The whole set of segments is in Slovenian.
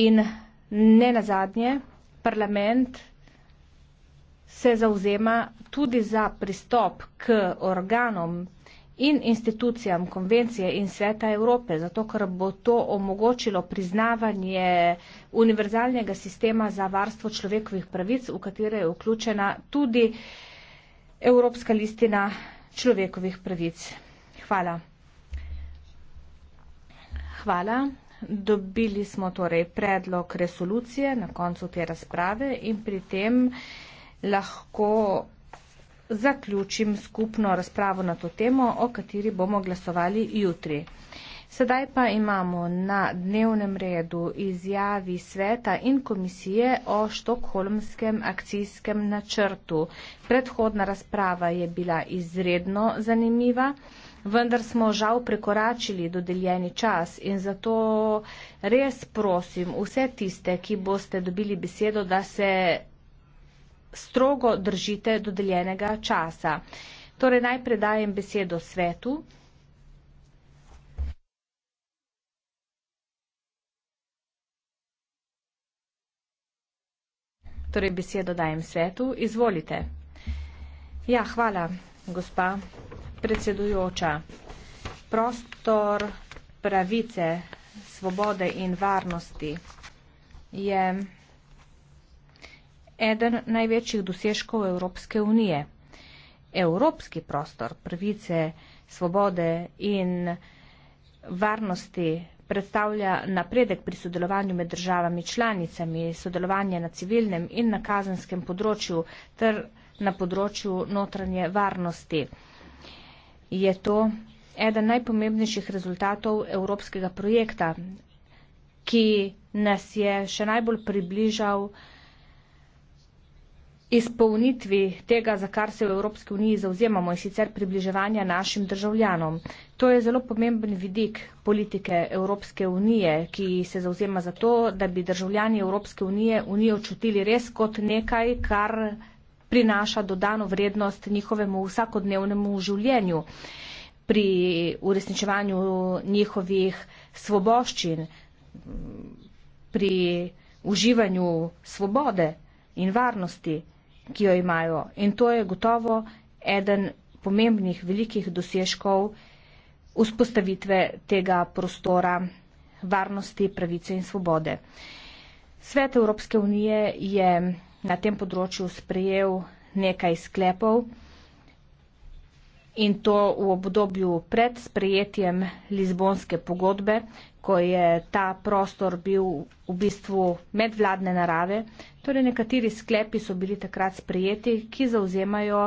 In ne nazadnje, parlament se zauzema tudi za pristop k organom in institucijam konvencije in sveta Evrope, zato ker bo to omogočilo priznavanje univerzalnega sistema za varstvo človekovih pravic, v katere je vključena tudi Evropska listina človekovih pravic. Hvala. Hvala dobili smo torej predlog resolucije na koncu te razprave in pri tem lahko zaključim skupno razpravo na to temo, o kateri bomo glasovali jutri. Sedaj pa imamo na dnevnem redu izjavi sveta in komisije o štokholmskem akcijskem načrtu. Predhodna razprava je bila izredno zanimiva vendar smo žal prekoračili dodeljeni čas in zato res prosim vse tiste, ki boste dobili besedo, da se strogo držite dodeljenega časa. Torej najprej dajem besedo svetu. Torej besedo dajem svetu. Izvolite. Ja, hvala, gospa predsedujoča. Prostor pravice, svobode in varnosti je eden največjih dosežkov Evropske unije. Evropski prostor pravice, svobode in varnosti predstavlja napredek pri sodelovanju med državami članicami, sodelovanje na civilnem in na kazenskem področju ter na področju notranje varnosti je to eden najpomembnejših rezultatov evropskega projekta, ki nas je še najbolj približal izpolnitvi tega, za kar se v Evropski uniji zauzemamo in sicer približevanja našim državljanom. To je zelo pomemben vidik politike Evropske unije, ki se zauzema za to, da bi državljani Evropske unije unijo čutili res kot nekaj, kar prinaša dodano vrednost njihovemu vsakodnevnemu življenju, pri uresničevanju njihovih svoboščin, pri uživanju svobode in varnosti, ki jo imajo. In to je gotovo eden pomembnih velikih dosežkov vzpostavitve tega prostora varnosti, pravice in svobode. Svet Evropske unije je na tem področju sprejel nekaj sklepov in to v obdobju pred sprejetjem Lizbonske pogodbe, ko je ta prostor bil v bistvu medvladne narave. Torej nekateri sklepi so bili takrat sprejeti, ki zauzemajo,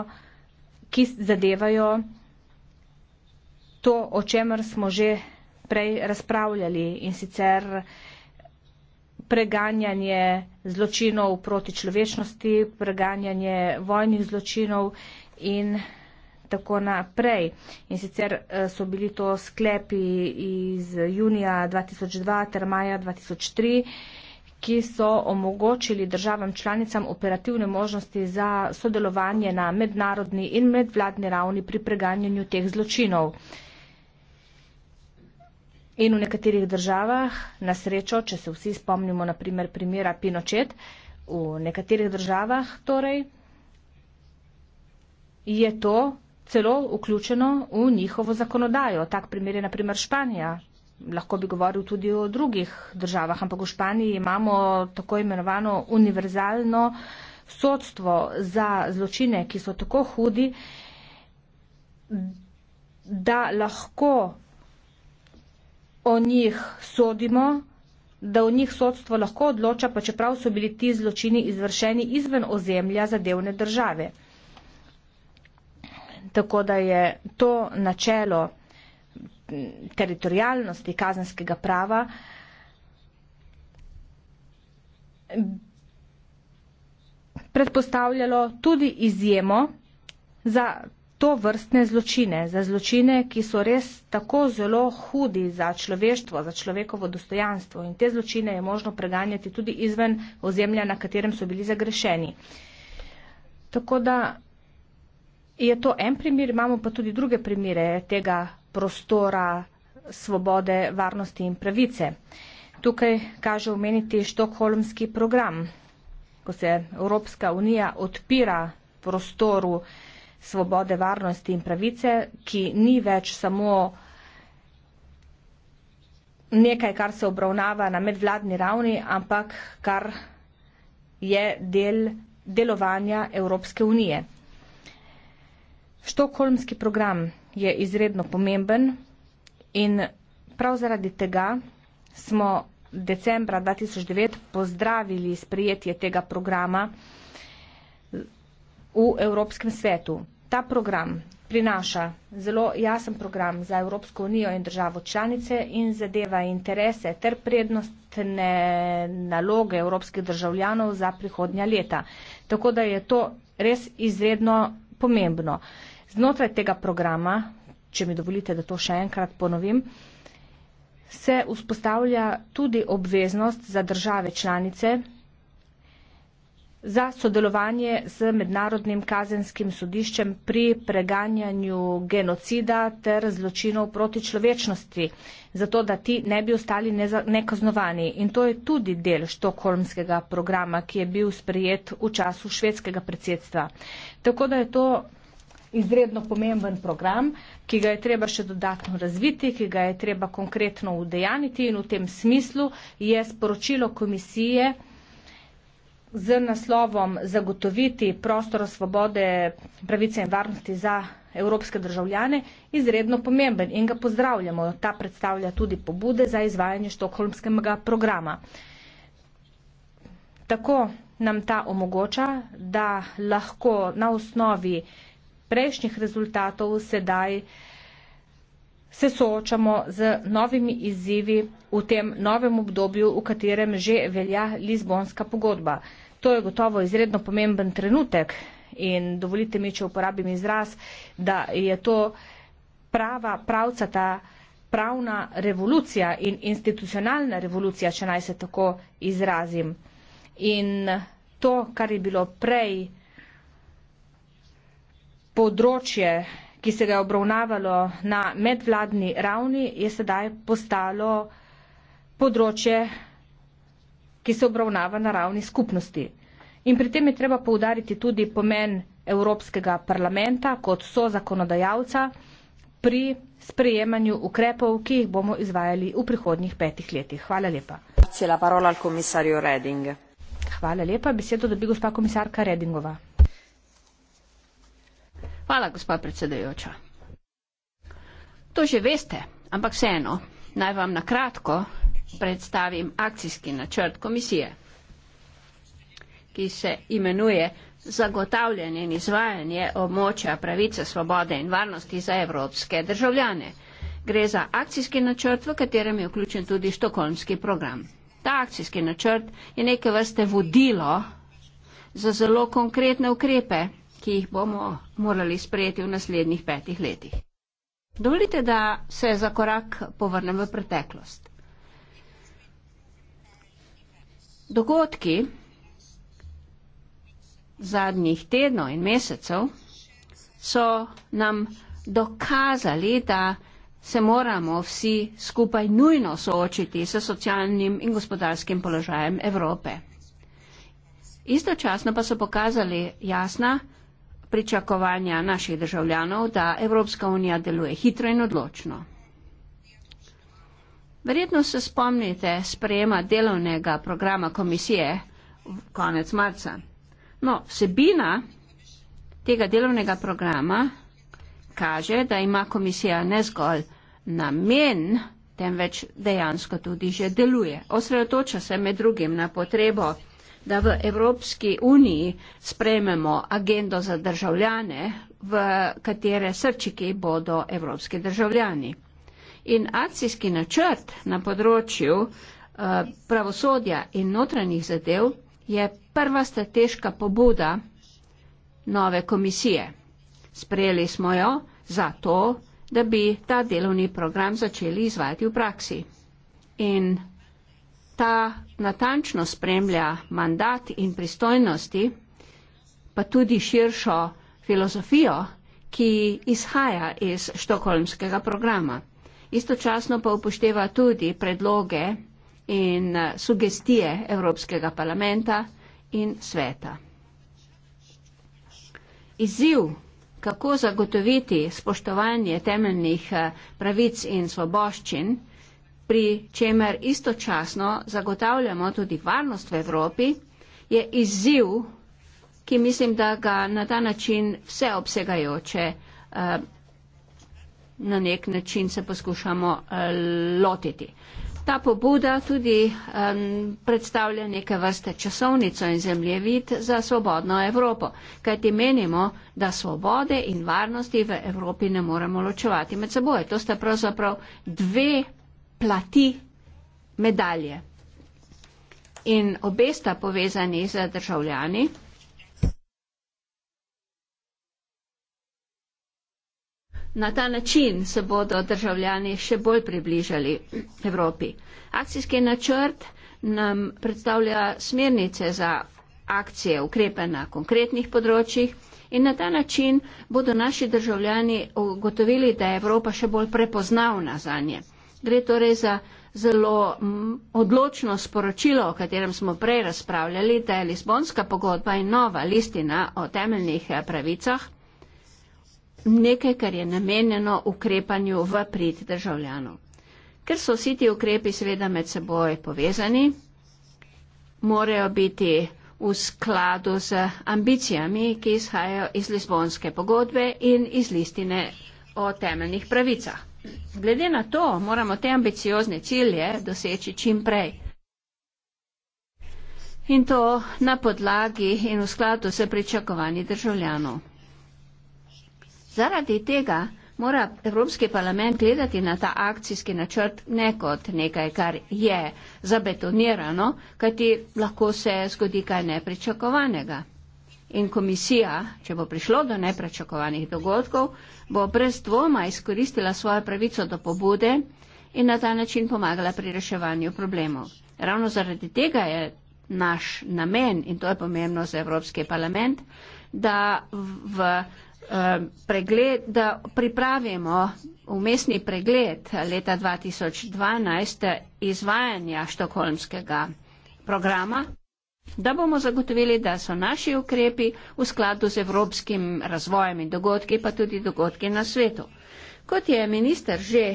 ki zadevajo to, o čemer smo že prej razpravljali in sicer preganjanje zločinov proti človečnosti, preganjanje vojnih zločinov in tako naprej. In sicer eh, so bili to sklepi iz junija 2002 ter maja 2003, ki so omogočili državam članicam operativne možnosti za sodelovanje na mednarodni in medvladni ravni pri preganjanju teh zločinov. In v nekaterih državah, na srečo, če se vsi spomnimo naprimer primera Pinochet, v nekaterih državah torej je to celo vključeno v njihovo zakonodajo. Tak primer je naprimer Španija. Lahko bi govoril tudi o drugih državah, ampak v Španiji imamo tako imenovano univerzalno sodstvo za zločine, ki so tako hudi, da lahko o njih sodimo, da o njih sodstvo lahko odloča, pa čeprav so bili ti zločini izvršeni izven ozemlja zadevne države. Tako da je to načelo teritorijalnosti kazenskega prava predpostavljalo tudi izjemo za to vrstne zločine, za zločine, ki so res tako zelo hudi za človeštvo, za človekovo dostojanstvo in te zločine je možno preganjati tudi izven ozemlja, na katerem so bili zagrešeni. Tako da je to en primer, imamo pa tudi druge primere tega prostora svobode, varnosti in pravice. Tukaj kaže omeniti štokholmski program, ko se Evropska unija odpira prostoru, svobode, varnosti in pravice, ki ni več samo nekaj, kar se obravnava na medvladni ravni, ampak kar je del delovanja Evropske unije. Štokholmski program je izredno pomemben in prav zaradi tega smo decembra 2009 pozdravili sprejetje tega programa v Evropskem svetu. Ta program prinaša zelo jasen program za Evropsko unijo in državo članice in zadeva interese ter prednostne naloge evropskih državljanov za prihodnja leta. Tako da je to res izredno pomembno. Znotraj tega programa, če mi dovolite, da to še enkrat ponovim, se vzpostavlja tudi obveznost za države članice za sodelovanje z Mednarodnim kazenskim sodiščem pri preganjanju genocida ter zločinov proti človečnosti, zato da ti ne bi ostali nekaznovani. In to je tudi del štokholmskega programa, ki je bil sprejet v času švedskega predsedstva. Tako da je to izredno pomemben program, ki ga je treba še dodatno razviti, ki ga je treba konkretno udejaniti in v tem smislu je sporočilo komisije, z naslovom Zagotoviti prostor svobode, pravice in varnosti za evropske državljane izredno pomemben in ga pozdravljamo. Ta predstavlja tudi pobude za izvajanje štokholmskega programa. Tako nam ta omogoča, da lahko na osnovi prejšnjih rezultatov sedaj se soočamo z novimi izzivi v tem novem obdobju, v katerem že velja Lizbonska pogodba. To je gotovo izredno pomemben trenutek in dovolite mi, če uporabim izraz, da je to prava pravca ta pravna revolucija in institucionalna revolucija, če naj se tako izrazim. In to, kar je bilo prej področje, ki se ga je obravnavalo na medvladni ravni, je sedaj postalo področje ki se obravnava na ravni skupnosti. In pri tem je treba poudariti tudi pomen Evropskega parlamenta kot so zakonodajalca pri sprejemanju ukrepov, ki jih bomo izvajali v prihodnjih petih letih. Hvala lepa. Hvala lepa. Besedo dobi gospa komisarka Redingova. Hvala, gospa predsedajoča. To že veste, ampak vseeno, naj vam na kratko predstavim akcijski načrt komisije, ki se imenuje Zagotavljanje in izvajanje območja pravice, svobode in varnosti za evropske državljane. Gre za akcijski načrt, v katerem je vključen tudi štokolmski program. Ta akcijski načrt je neke vrste vodilo za zelo konkretne ukrepe, ki jih bomo morali sprejeti v naslednjih petih letih. Dovolite, da se za korak povrnem v preteklost. Dogodki zadnjih tednov in mesecev so nam dokazali, da se moramo vsi skupaj nujno soočiti s socialnim in gospodarskim položajem Evrope. Istočasno pa so pokazali jasna pričakovanja naših državljanov, da Evropska unija deluje hitro in odločno. Verjetno se spomnite sprejema delovnega programa komisije konec marca. No, sebina tega delovnega programa kaže, da ima komisija ne zgolj namen, temveč dejansko tudi že deluje. Osredotoča se med drugim na potrebo, da v Evropski uniji sprejmemo agendo za državljane, v katere srčiki bodo evropski državljani in akcijski načrt na področju eh, pravosodja in notranjih zadev je prva strateška pobuda nove komisije. Sprejeli smo jo zato, da bi ta delovni program začeli izvajati v praksi. In ta natančno spremlja mandat in pristojnosti, pa tudi širšo filozofijo, ki izhaja iz štokholmskega programa istočasno pa upošteva tudi predloge in eh, sugestije Evropskega parlamenta in sveta. Izziv, kako zagotoviti spoštovanje temeljnih eh, pravic in svoboščin, pri čemer istočasno zagotavljamo tudi varnost v Evropi, je izziv, ki mislim, da ga na ta način vseobsegajoče eh, na nek način se poskušamo eh, lotiti. Ta pobuda tudi um, predstavlja neke vrste časovnico in zemljevid za svobodno Evropo, kajti menimo, da svobode in varnosti v Evropi ne moremo ločevati med seboj. To sta pravzaprav dve plati medalje. In obesta povezani z državljani. Na ta način se bodo državljani še bolj približali Evropi. Akcijski načrt nam predstavlja smernice za akcije, ukrepe na konkretnih področjih in na ta način bodo naši državljani ugotovili, da je Evropa še bolj prepoznavna za nje. Gre torej za zelo odločno sporočilo, o katerem smo prej razpravljali, da je Lisbonska pogodba in nova listina o temeljnih eh, pravicah nekaj, kar je namenjeno ukrepanju v prid državljanov. Ker so vsi ti ukrepi seveda med seboj povezani, morajo biti v skladu z ambicijami, ki izhajajo iz Lisbonske pogodbe in iz listine o temeljnih pravicah. Glede na to moramo te ambiciozne cilje doseči čim prej. In to na podlagi in v skladu s pričakovanji državljanov. Zaradi tega mora Evropski parlament gledati na ta akcijski načrt ne kot nekaj, kar je zabetonirano, kajti lahko se zgodi kaj nepričakovanega. In komisija, če bo prišlo do nepričakovanih dogodkov, bo brez dvoma izkoristila svojo pravico do pobude in na ta način pomagala pri reševanju problemov. Ravno zaradi tega je naš namen, in to je pomembno za Evropski parlament, da v Eh, pregled, da pripravimo umestni pregled leta 2012 izvajanja štokholmskega programa, da bomo zagotovili, da so naši ukrepi v skladu z evropskim razvojem in dogodki, pa tudi dogodki na svetu. Kot je minister že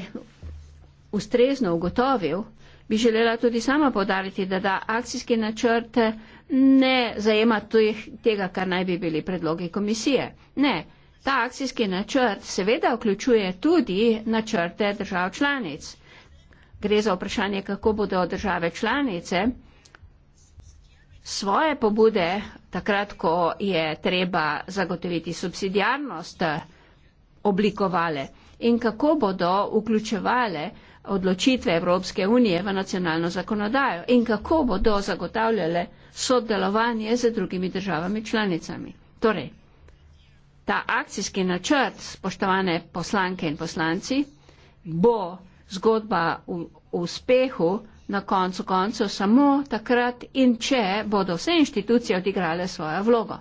ustrezno ugotovil, bi želela tudi sama podariti, da da akcijski načrt ne zajema tih, tega, kar naj bi bili predlogi komisije. Ne, Ta akcijski načrt seveda vključuje tudi načrte držav članic. Gre za vprašanje, kako bodo države članice svoje pobude, takrat, ko je treba zagotoviti subsidijarnost, oblikovale in kako bodo vključevale odločitve Evropske unije v nacionalno zakonodajo in kako bodo zagotavljale sodelovanje z drugimi državami članicami. Torej, ta akcijski načrt, spoštovane poslanke in poslanci, bo zgodba v, v uspehu na koncu koncu samo takrat in če bodo vse inštitucije odigrale svojo vlogo.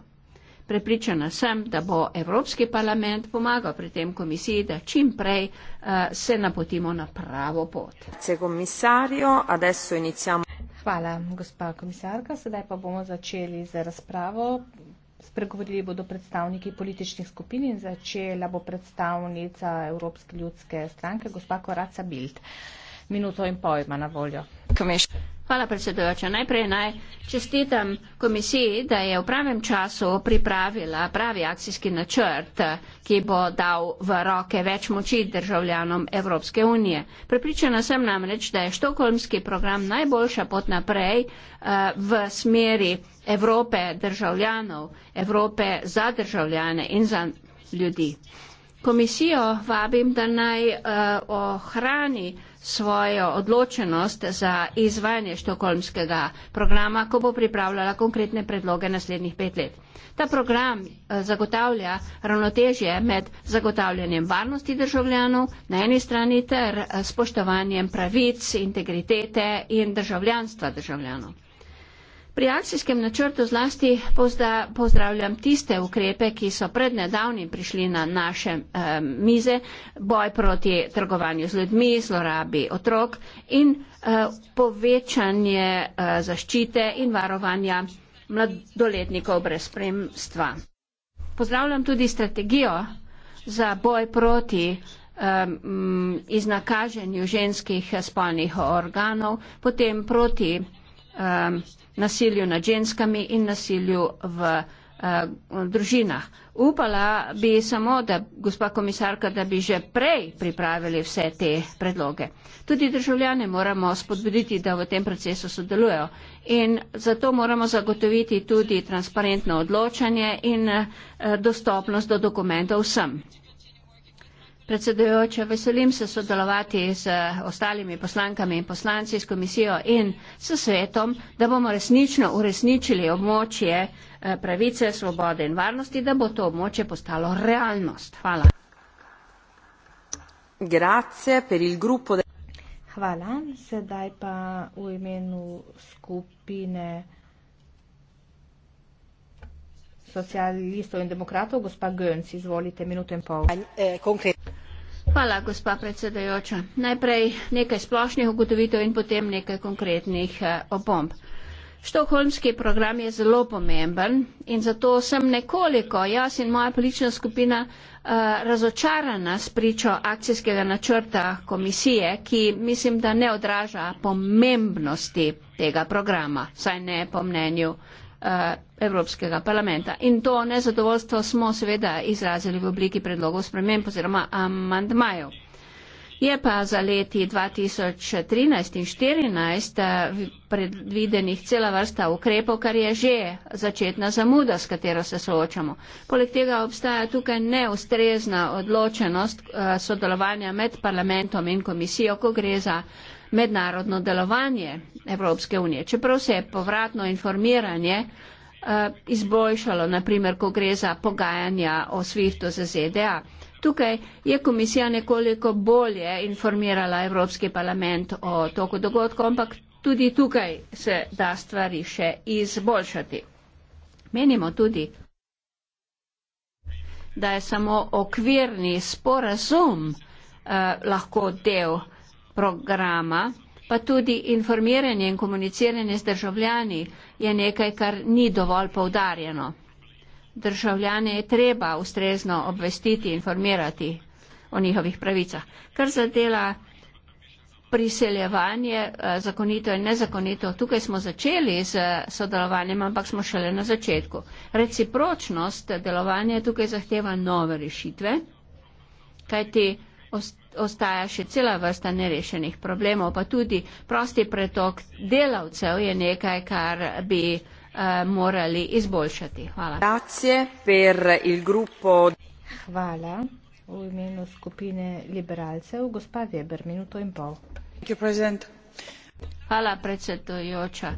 Prepričana sem, da bo Evropski parlament pomagal pri tem komisiji, da čim prej uh, se napotimo na pravo pot. Hvala, gospa komisarka. Sedaj pa bomo začeli z razpravo. Spregovorili bodo predstavniki političnih skupin in začela bo predstavnica Evropske ljudske stranke, gospa Koraca Bild. Minuto in pol ima na voljo. Komisar. Hvala predsedujoča. Najprej naj čestitam komisiji, da je v pravem času pripravila pravi akcijski načrt, ki bo dal v roke več moči državljanom Evropske unije. Pripričana sem namreč, da je štokholmski program najboljša pot naprej eh, v smeri Evrope državljanov, Evrope za državljane in za ljudi. Komisijo vabim, da naj uh, ohrani svojo odločenost za izvajanje štokolmskega programa, ko bo pripravljala konkretne predloge naslednjih pet let. Ta program eh, zagotavlja ravnotežje med zagotavljanjem varnosti državljanov na eni strani ter eh, spoštovanjem pravic, integritete in državljanstva državljanov. Pri akcijskem načrtu zlasti pozdravljam tiste ukrepe, ki so pred nedavnim prišli na naše eh, mize, boj proti trgovanju z ljudmi, zlorabi otrok in eh, povečanje eh, zaščite in varovanja mladoletnikov brez spremstva. Pozdravljam tudi strategijo za boj proti eh, mm, iznakaženju ženskih spolnih organov, potem proti eh, nasilju nad ženskami in nasilju v eh, družinah. Upala bi samo, da gospa komisarka, da bi že prej pripravili vse te predloge. Tudi državljane moramo spodbuditi, da v tem procesu sodelujo in zato moramo zagotoviti tudi transparentno odločanje in eh, dostopnost do dokumentov vsem. Predsedujoča, veselim se sodelovati z ostalimi poslankami in poslanci, s komisijo in s svetom, da bomo resnično uresničili območje eh, pravice, svobode in varnosti, da bo to območje postalo realnost. Hvala. Grazie per il gruppo de... Hvala. Sedaj pa v imenu skupine socialistov in demokratov, gospa Gönc, izvolite minuto in pol. Eh, konkret... Hvala, gospa predsedujoča. Najprej nekaj splošnih ugotovitev in potem nekaj konkretnih eh, opomb. Štokholmski program je zelo pomemben in zato sem nekoliko, jaz in moja politična skupina, eh, razočarana s pričo akcijskega načrta komisije, ki mislim, da ne odraža pomembnosti tega programa, saj ne po mnenju Eh, Evropskega parlamenta. In to nezadovoljstvo smo seveda izrazili v obliki predlogov sprememb oziroma amandmajev. Je pa za leti 2013 in 2014 eh, predvidenih cela vrsta ukrepov, kar je že začetna zamuda, s katero se soočamo. Poleg tega obstaja tukaj neustrezna odločenost eh, sodelovanja med parlamentom in komisijo, ko gre za mednarodno delovanje Evropske unije, čeprav se je povratno informiranje eh, izboljšalo, naprimer, ko gre za pogajanja o SWIFT-u za ZDA. Tukaj je komisija nekoliko bolje informirala Evropski parlament o toku dogodkov, ampak tudi tukaj se da stvari še izboljšati. Menimo tudi, da je samo okvirni sporazum eh, lahko del programa, pa tudi informiranje in komuniciranje z državljani je nekaj, kar ni dovolj povdarjeno. Državljane je treba ustrezno obvestiti, informirati o njihovih pravicah. Kar zadela priseljevanje, eh, zakonito in nezakonito, tukaj smo začeli z sodelovanjem, ampak smo šele na začetku. Recipročnost delovanja tukaj zahteva nove rešitve, kajti ostaja še cela vrsta nerešenih problemov, pa tudi prosti pretok delavcev je nekaj, kar bi eh, morali izboljšati. Hvala. Hvala v imenu skupine liberalcev. Gospa Weber, minuto in pol. Hvala predsedujoča.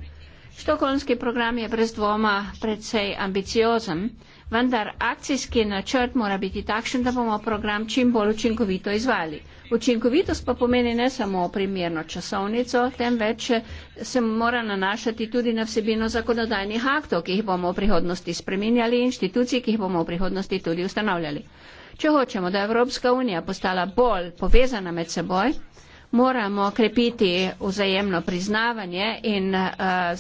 Štokholmski program je brez dvoma predvsej ambiciozen, vendar akcijski načrt mora biti takšen, da bomo program čim bolj učinkovito izvali. Učinkovitost pa pomeni ne samo primerno časovnico, temveč se mora nanašati tudi na vsebino zakonodajnih aktov, ki jih bomo v prihodnosti spreminjali in inštitucij, ki jih bomo v prihodnosti tudi ustanavljali. Če hočemo, da je Evropska unija postala bolj povezana med seboj, moramo krepiti vzajemno priznavanje in uh,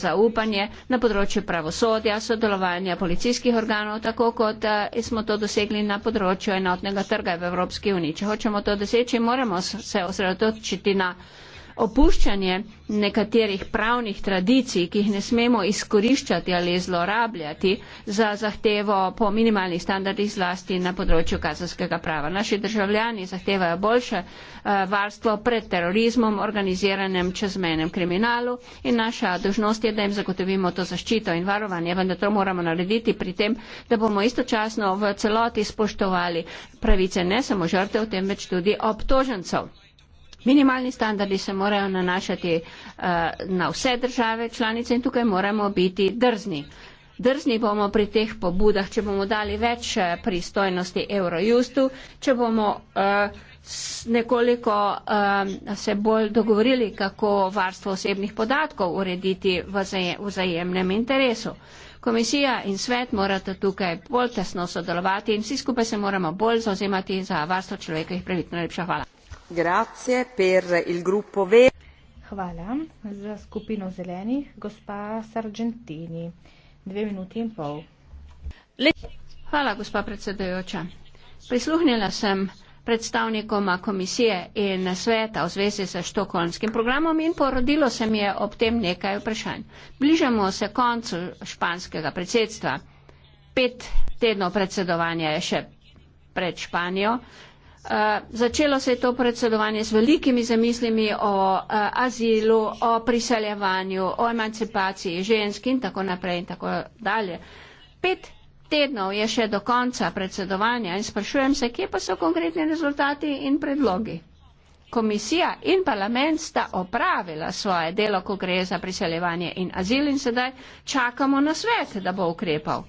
zaupanje na področju pravosodja, sodelovanja policijskih organov, tako kot uh, smo to dosegli na področju enotnega trga v Evropski uniji. Če hočemo to doseči, moramo se osredotočiti na opuščanje nekaterih pravnih tradicij, ki jih ne smemo izkoriščati ali zlorabljati za zahtevo po minimalnih standardih zlasti na področju kazanskega prava. Naši državljani zahtevajo boljše eh, varstvo pred terorizmom, organiziranem čezmenem kriminalu in naša dožnost je, da jim zagotovimo to zaščito in varovanje, vendar to moramo narediti pri tem, da bomo istočasno v celoti spoštovali pravice ne samo žrtev, temveč tudi obtožencev. Minimalni standardi se morajo nanašati uh, na vse države članice in tukaj moramo biti drzni. Drzni bomo pri teh pobudah, če bomo dali več eh, pristojnosti Eurojustu, če bomo uh, nekoliko uh, se bolj dogovorili, kako varstvo osebnih podatkov urediti v vzajemnem interesu. Komisija in svet morata tukaj bolj tesno sodelovati in vsi skupaj se moramo bolj zauzemati za varstvo človekovih pravic. Najlepša hvala. Hvala za skupino zelenih, gospa Sargentini. Dve minuti in pol. Hvala, gospa predsedujoča. Prisluhnila sem predstavnikoma komisije in sveta v zvezi sa štokholmskim programom in porodilo se mi je ob tem nekaj vprašanj. Bližamo se koncu španskega predsedstva. Pet tednov predsedovanja je še pred Španijo. Eh, začelo se je to predsedovanje z velikimi zamislimi o uh, azilu, o priseljevanju, o emancipaciji žensk in tako naprej in tako dalje. Pet tednov je še do konca predsedovanja in sprašujem se, kje pa so konkretni rezultati in predlogi. Komisija in parlament sta opravila svoje delo, ko gre za priseljevanje in azil in sedaj čakamo na svet, da bo ukrepal.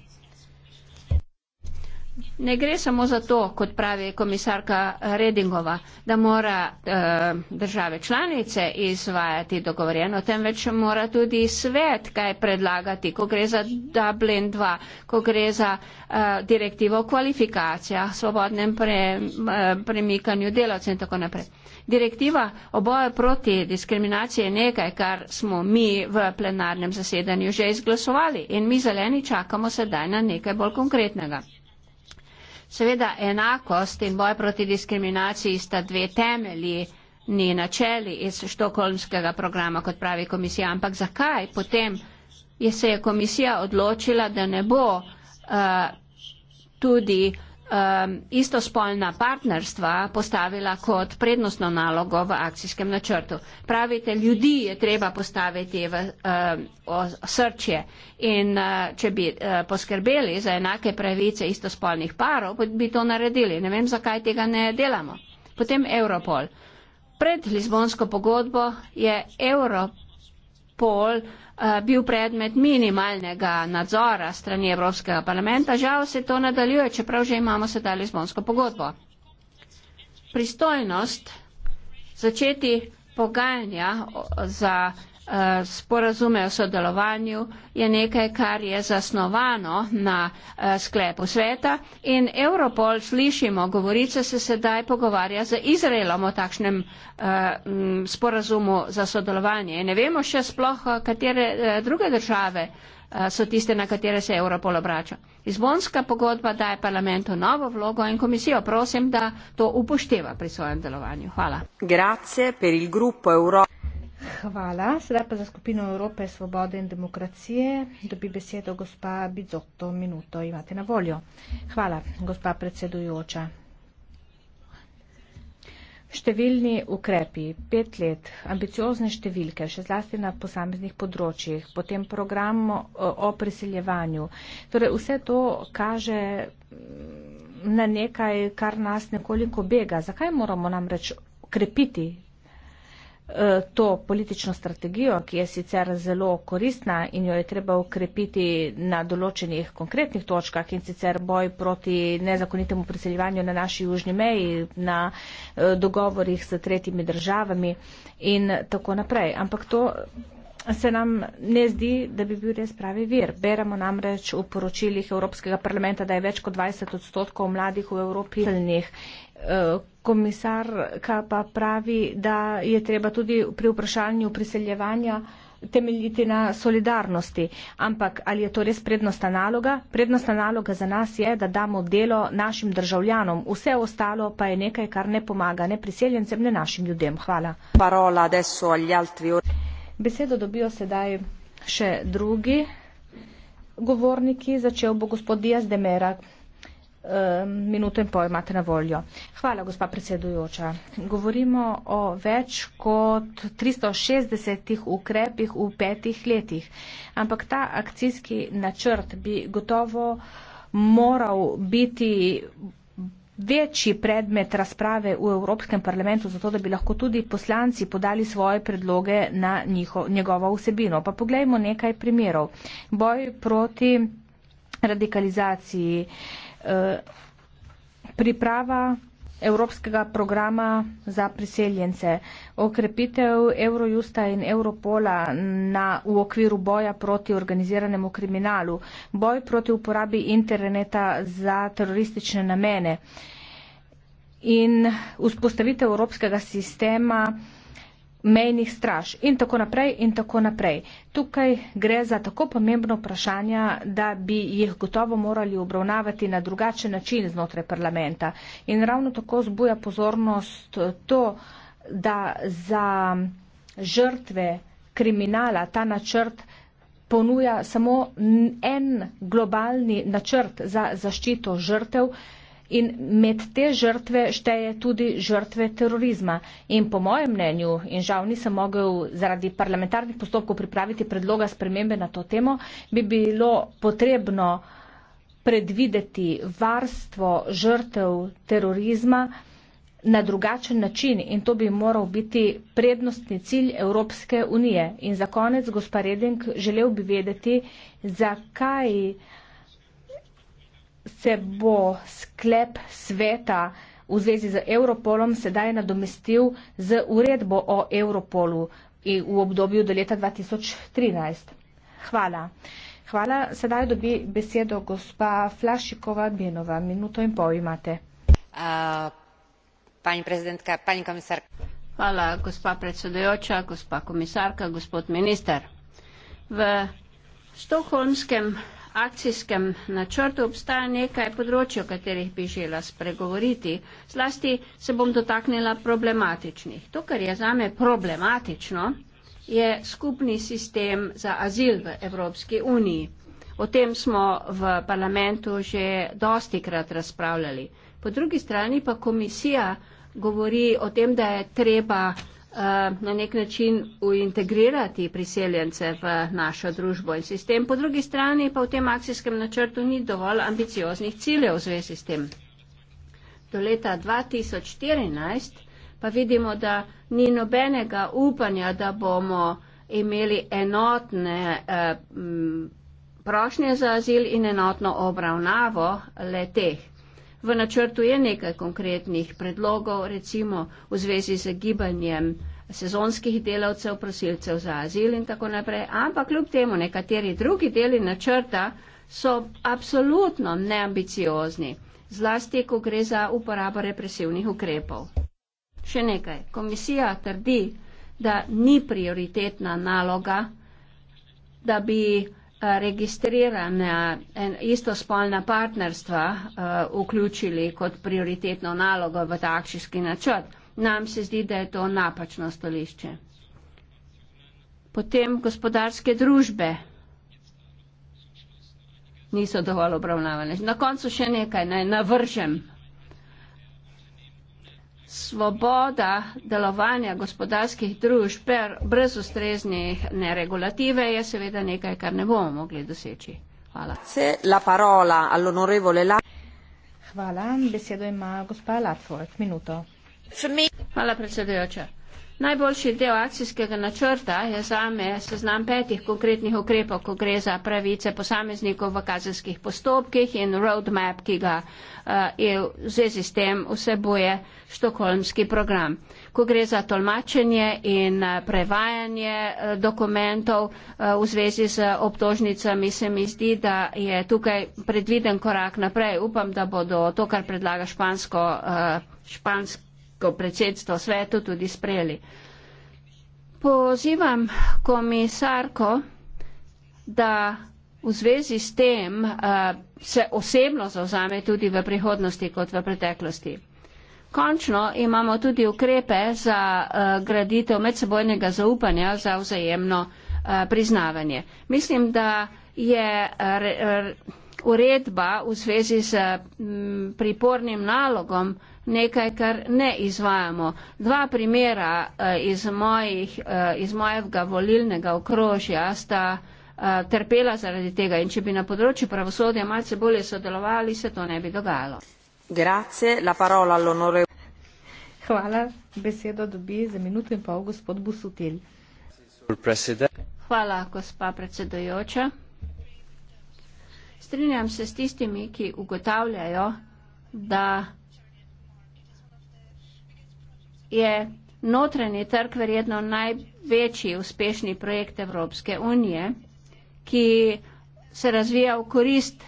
Ne gre samo za to, kot pravi komisarka Redingova, da mora eh, države članice izvajati dogovorjeno, temveč mora tudi svet kaj predlagati, ko gre za Dublin 2, ko gre za eh, direktivo o kvalifikacijah, svobodnem eh, premikanju delavcev in tako naprej. Direktiva o boju proti diskriminaciji je nekaj, kar smo mi v plenarnem zasedanju že izglasovali in mi zeleni čakamo sedaj na nekaj bolj konkretnega. Seveda enakost in boj proti diskriminaciji sta dve temelji ni načeli iz štokolmskega programa, kot pravi komisija. Ampak zakaj potem je se je komisija odločila, da ne bo uh, tudi uh, um, istospolna partnerstva postavila kot prednostno nalogo v akcijskem načrtu. Pravite, ljudi je treba postaviti v um, srčje in uh, če bi uh, poskrbeli za enake pravice istospolnih parov, bi to naredili. Ne vem, zakaj tega ne delamo. Potem Europol. Pred Lizbonsko pogodbo je Europol pol eh, bil predmet minimalnega nadzora strani Evropskega parlamenta. Žal se to nadaljuje, čeprav že imamo sedaj Lizbonsko pogodbo. Pristojnost začeti pogajanja za Eh, sporazume o sodelovanju je nekaj, kar je zasnovano na eh, sklepu sveta in Europol slišimo, govorice se sedaj pogovarja z Izraelom o takšnem eh, sporazumu za sodelovanje. Ne vemo še sploh, katere druge države so tiste, na katere se Europol obrača. Izbonska pogodba daje parlamentu novo vlogo in komisijo prosim, da to upošteva pri svojem delovanju. Hvala. Grazie per il gruppo Europa. Hvala. Sedaj pa za skupino Evrope, svobode in demokracije dobi besedo gospa Bizotto. Minuto imate na voljo. Hvala, gospa predsedujoča. Številni ukrepi, pet let, ambiciozne številke, še zlasti na posameznih področjih, potem program o, o priseljevanju. Torej vse to kaže mm, na nekaj, kar nas nekoliko bega. Zakaj moramo namreč krepiti Eh, to politično strategijo, ki je sicer zelo koristna in jo je treba ukrepiti na določenih konkretnih točkah in sicer boj proti nezakonitemu priseljevanju na naši južni meji, na eh, dogovorih s tretjimi državami in tako naprej. Ampak to se nam ne zdi, da bi bil res pravi vir. Beremo namreč v poročilih Evropskega parlamenta, da je več kot 20 odstotkov mladih v Evropi Eh, komisar pa pravi, da je treba tudi pri vprašanju priseljevanja temeljiti na solidarnosti. Ampak ali je to res prednostna naloga? Prednostna naloga za nas je, da damo delo našim državljanom. Vse ostalo pa je nekaj, kar ne pomaga ne priseljencem, ne našim ljudem. Hvala. Besedo dobijo sedaj še drugi govorniki. Začel bo gospod Diaz Demera. Eh, minuto in pol imate na voljo. Hvala, gospa predsedujoča. Govorimo o več kot 360 ukrepih v petih letih, ampak ta akcijski načrt bi gotovo moral biti večji predmet razprave v Evropskem parlamentu, zato da bi lahko tudi poslanci podali svoje predloge na njiho, njegovo vsebino. Pa poglejmo nekaj primerov. Boj proti radikalizaciji, eh, Eh, priprava evropskega programa za priseljence, okrepitev Eurojusta in Europola na, v okviru boja proti organiziranemu kriminalu, boj proti uporabi interneta za teroristične namene in vzpostavitev evropskega sistema uh, mejnih straž in tako naprej in tako naprej. Tukaj gre za tako pomembno vprašanje, da bi jih gotovo morali obravnavati na drugačen način znotraj parlamenta. In ravno tako zbuja pozornost to, da za žrtve kriminala ta načrt ponuja samo en globalni načrt za zaščito žrtev, in med te žrtve šteje tudi žrtve terorizma. In po mojem mnenju, in žal nisem mogel zaradi parlamentarnih postopkov pripraviti predloga spremembe na to temo, bi bilo potrebno predvideti varstvo žrtev terorizma na drugačen način in to bi moral biti prednostni cilj Evropske unije. In za konec, gospa Redenk, želel bi vedeti, zakaj se bo sklep sveta v zvezi z Europolom sedaj nadomestil z uredbo o Europolu v obdobju do leta 2013. Hvala. Hvala. Sedaj dobi besedo gospa Flašikova Benova. Minuto in pol imate. Uh, pani prezidentka, pani komisarka. Hvala, gospa predsedujoča, gospa komisarka, gospod minister. V Stokholmskem akcijskem načrtu obstaja nekaj področij, o katerih bi žela spregovoriti. Zlasti se bom dotaknila problematičnih. To, kar je zame problematično, je skupni sistem za azil v Evropski uniji. O tem smo v parlamentu že dostikrat razpravljali. Po drugi strani pa komisija govori o tem, da je treba Eh, na nek način uintegrirati priseljence v našo družbo in sistem. Po drugi strani pa v tem akcijskem načrtu ni dovolj ambicioznih ciljev v zvezi s tem. Do leta 2014 pa vidimo, da ni nobenega upanja, da bomo imeli enotne eh, prošnje za azil in enotno obravnavo le teh. V načrtu je nekaj konkretnih predlogov, recimo v zvezi z gibanjem sezonskih delavcev, prosilcev za azil in tako naprej, ampak kljub temu nekateri drugi deli načrta so absolutno neambiciozni, zlasti, ko gre za uporabo represivnih ukrepov. Še nekaj. Komisija trdi, da ni prioritetna naloga, da bi Eh, registrirana istospolna partnerstva eh, vključili kot prioritetno nalogo v takšiški načrt. Nam se zdi, da je to napačno stališče. Potem gospodarske družbe niso dovolj obravnavane. Na koncu še nekaj naj navržem svoboda delovanja gospodarskih družb brez ustreznih neregulative je seveda nekaj, kar ne bomo mogli doseči. Hvala. Hvala. Besedo ima gospa Latvoret. Minuto. Hvala predsedujoča. Najboljši del akcijskega načrta je zame seznam petih konkretnih ukrepov, ko gre za pravice posameznikov v kazenskih postopkih in roadmap, ki ga uh, v zvezi s tem vsebuje štokholmski program. Ko gre za tolmačenje in eh, prevajanje uh, dokumentov uh, v zvezi z obtožnicami, se mi zdi, da je tukaj predviden korak naprej. Upam, da bodo to, kar predlaga špansko. Uh, špansko slovensko predsedstvo svetu tudi sprejeli. Pozivam komisarko, da v zvezi s tem uh, se osebno zauzame tudi v prihodnosti kot v preteklosti. Končno imamo tudi ukrepe za uh, graditev medsebojnega zaupanja za vzajemno uh, priznavanje. Mislim, da je re, re, uredba v zvezi z m, mm, pripornim nalogom uh, nekaj, kar ne izvajamo. Dva primera eh, iz, mojih, eh, iz mojega volilnega okrožja sta eh, trpela zaradi tega in če bi na področju pravosodja malce bolje sodelovali, se to ne bi dogajalo. Grazie, la parola all'onore. Hvala, besedo dobi za minuto in pol gospod Busutil. Hvala, gospa predsedojoča. Strinjam se s tistimi, ki ugotavljajo, da je notranji trg verjetno največji uspešni projekt Evropske unije, ki se razvija v korist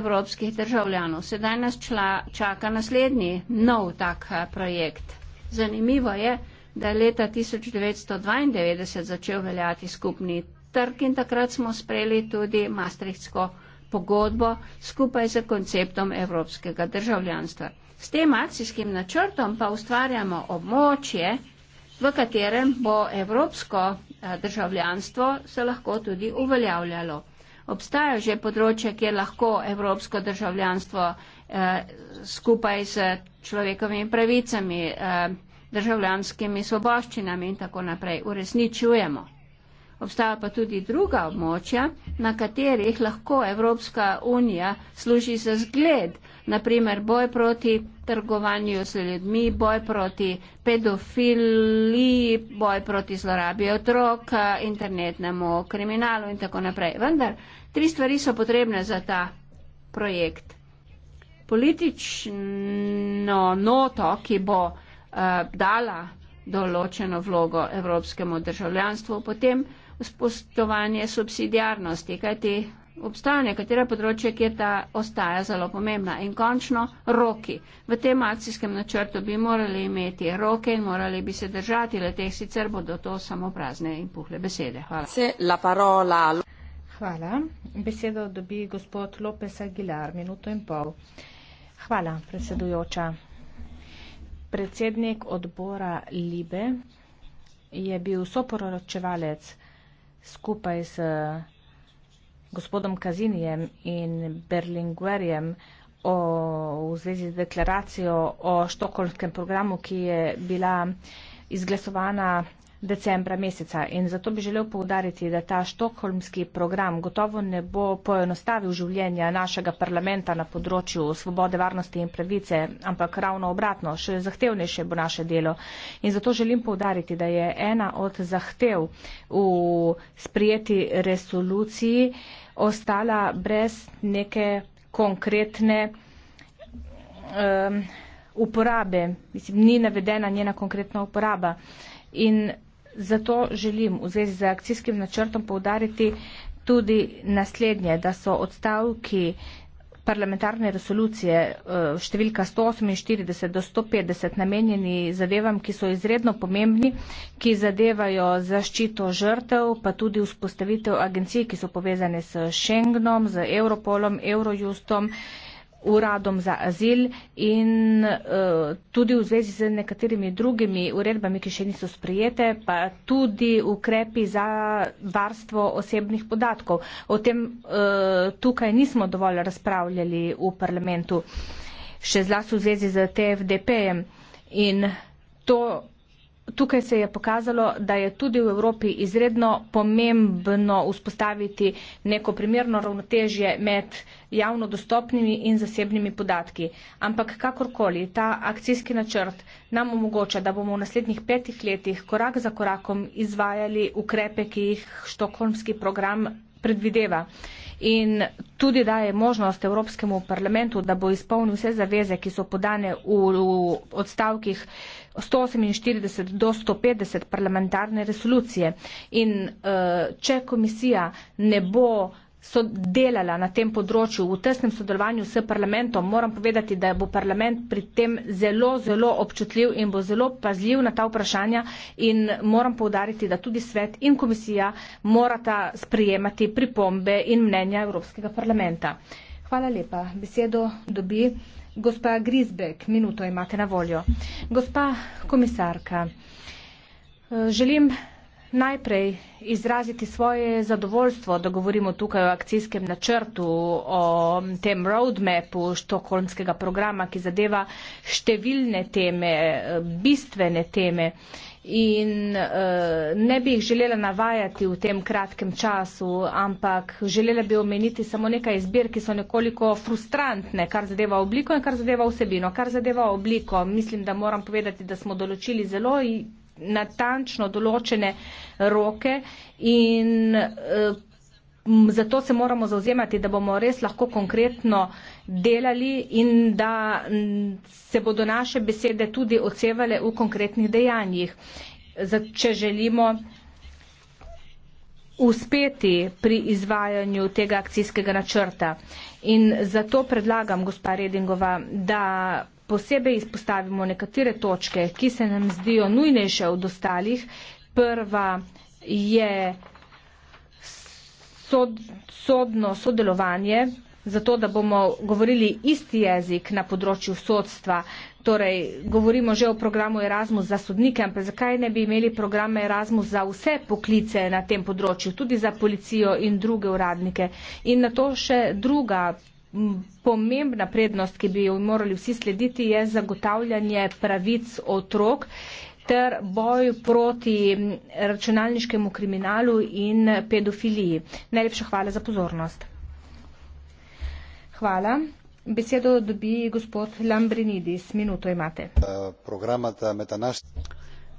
evropskih državljanov. Sedaj nas čla, čaka naslednji nov tak projekt. Zanimivo je, da je leta 1992 začel veljati skupni trg in takrat smo sprejeli tudi Maastrichtsko pogodbo skupaj z konceptom evropskega državljanstva. S tem akcijskim načrtom pa ustvarjamo območje, v katerem bo evropsko eh, državljanstvo se lahko tudi uveljavljalo. Obstaja že področje, kjer lahko evropsko državljanstvo eh, skupaj s človekovimi pravicami, eh, državljanskimi svoboščinami in tako naprej uresničujemo. Obstaja pa tudi druga območja, na katerih lahko Evropska unija služi za zgled, naprimer boj proti trgovanju z ljudmi, boj proti pedofiliji, boj proti zlorabi otrok, internetnemu kriminalu in tako naprej. Vendar tri stvari so potrebne za ta projekt. Politično noto, ki bo uh, dala določeno vlogo evropskemu državljanstvu, potem spoštovanje subsidiarnosti, kajti obstajajo nekatera področja, kjer ta ostaja zelo pomembna. In končno roki. V tem akcijskem načrtu bi morali imeti roke in morali bi se držati, le teh sicer bodo to samo prazne in puhle besede. Hvala. Se la parola. Hvala. Besedo dobi gospod Lopes Aguilar, minuto in pol. Hvala, predsedujoča. Predsednik odbora Libe je bil soporočevalec skupaj s gospodom Kazinijem in Berlinguerjem o, v zvezi z deklaracijo o štokholmskem programu, ki je bila izglasovana decembra meseca in zato bi želel povdariti, da ta štokholmski program gotovo ne bo poenostavil življenja našega parlamenta na področju svobode, varnosti in pravice, ampak ravno obratno, še zahtevnejše bo naše delo. In zato želim povdariti, da je ena od zahtev v sprijeti resoluciji ostala brez neke konkretne um, uporabe. Mislim, ni navedena njena konkretna uporaba. In Zato želim v zvezi z akcijskim načrtom povdariti tudi naslednje, da so odstavki parlamentarne resolucije eh, številka 148 do 150 namenjeni zadevam, ki so izredno pomembni, ki zadevajo zaščito žrtev, pa tudi vzpostavitev agencij, ki so povezane s Schengenom, z Europolom, Eurojustom uradom za azil in uh, tudi v zvezi z nekaterimi drugimi uredbami, ki še niso sprijete, pa tudi ukrepi za varstvo osebnih podatkov. O tem uh, tukaj nismo dovolj razpravljali v parlamentu, še zlasti v zvezi z TFDP-jem. In to Tukaj se je pokazalo, da je tudi v Evropi izredno pomembno vzpostaviti neko primerno ravnotežje med javno dostopnimi in zasebnimi podatki. Ampak kakorkoli, ta akcijski načrt nam omogoča, da bomo v naslednjih petih letih korak za korakom izvajali ukrepe, ki jih štokholmski program predvideva. In tudi daje možnost Evropskemu parlamentu, da bo izpolnil vse zaveze, ki so podane v, v odstavkih 148 do 150 parlamentarne resolucije. In eh, če komisija ne bo so delala na tem področju v tesnem sodelovanju s parlamentom. Moram povedati, da bo parlament pri tem zelo, zelo občutljiv in bo zelo pazljiv na ta vprašanja in moram povdariti, da tudi svet in komisija morata sprijemati pripombe in mnenja Evropskega parlamenta. Hvala lepa. Besedo dobi. Gospa Grisbek, minuto imate na voljo. Gospa komisarka, želim najprej izraziti svoje zadovoljstvo, da govorimo tukaj o akcijskem načrtu, o tem roadmapu štokholmskega programa, ki zadeva številne teme, bistvene teme in uh, ne bi jih želela navajati v tem kratkem času, ampak želela bi omeniti samo nekaj izbir, ki so nekoliko frustrantne, kar zadeva obliko in kar zadeva vsebino. Kar zadeva obliko, mislim, da moram povedati, da smo določili zelo natančno določene roke in uh, zato se moramo zauzemati, da bomo res lahko konkretno delali in da se bodo naše besede tudi odsevale v konkretnih dejanjih. Če želimo uspeti pri izvajanju tega akcijskega načrta. In zato predlagam, gospa Redingova, da posebej izpostavimo nekatere točke, ki se nam zdijo nujnejše od ostalih. Prva je sod, sodno sodelovanje, zato da bomo govorili isti jezik na področju sodstva. Torej, govorimo že o programu Erasmus za sodnike, ampak zakaj ne bi imeli programa Erasmus za vse poklice na tem področju, tudi za policijo in druge uradnike. In na to še druga pomembna prednost, ki bi jo morali vsi slediti, je zagotavljanje pravic otrok ter boju proti računalniškemu kriminalu in pedofiliji. Najlepša hvala za pozornost. Hvala. Besedo dobi gospod Lambrinidis. Minuto imate.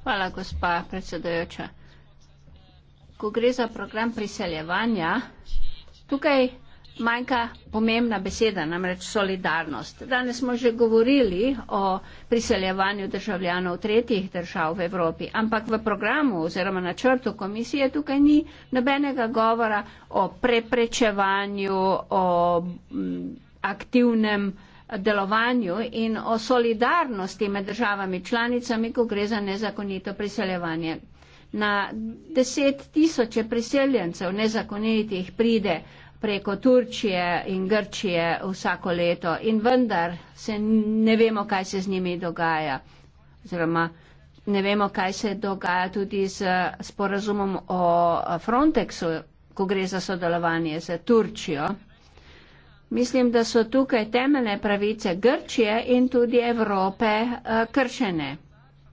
Hvala, gospa predsedojoča. Ko gre za program priseljevanja, tukaj manjka pomembna beseda, namreč solidarnost. Danes smo že govorili o priseljevanju državljanov tretjih držav v Evropi, ampak v programu oziroma načrtu komisije tukaj ni nobenega govora o preprečevanju, o mm, aktivnem eh, delovanju in o solidarnosti med državami članicami, ko gre za nezakonito priseljevanje. Na deset tisoče priseljencev nezakonitih pride preko Turčije in Grčije vsako leto in vendar se ne vemo, kaj se z njimi dogaja. Oziroma ne vemo, kaj se dogaja tudi z sporazumom o Frontexu, ko gre za sodelovanje z Turčijo. Mislim, da so tukaj temeljne pravice Grčije in tudi Evrope eh, kršene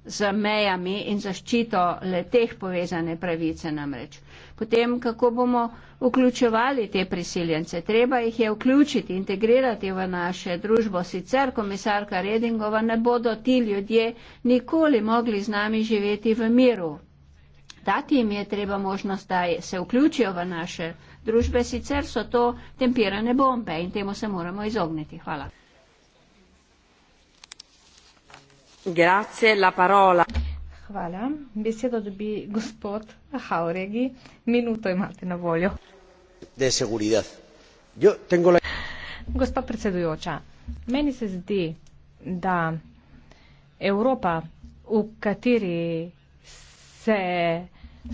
z mejami in zaščito le teh povezane pravice namreč potem kako bomo vključevali te priseljence. Treba jih je vključiti, integrirati v naše družbo. Sicer komisarka Redingova ne bodo ti ljudje nikoli mogli z nami živeti v miru. Dati jim je treba možnost, da se vključijo v naše družbe, sicer so to tempirane bombe in temu se moramo izogniti. Hvala. Grazie, la parola. Hvala. Besedo dobi gospod Hauregi. Minuto imate na voljo. La... Gospa predsedujoča, meni se zdi, da Evropa, v kateri se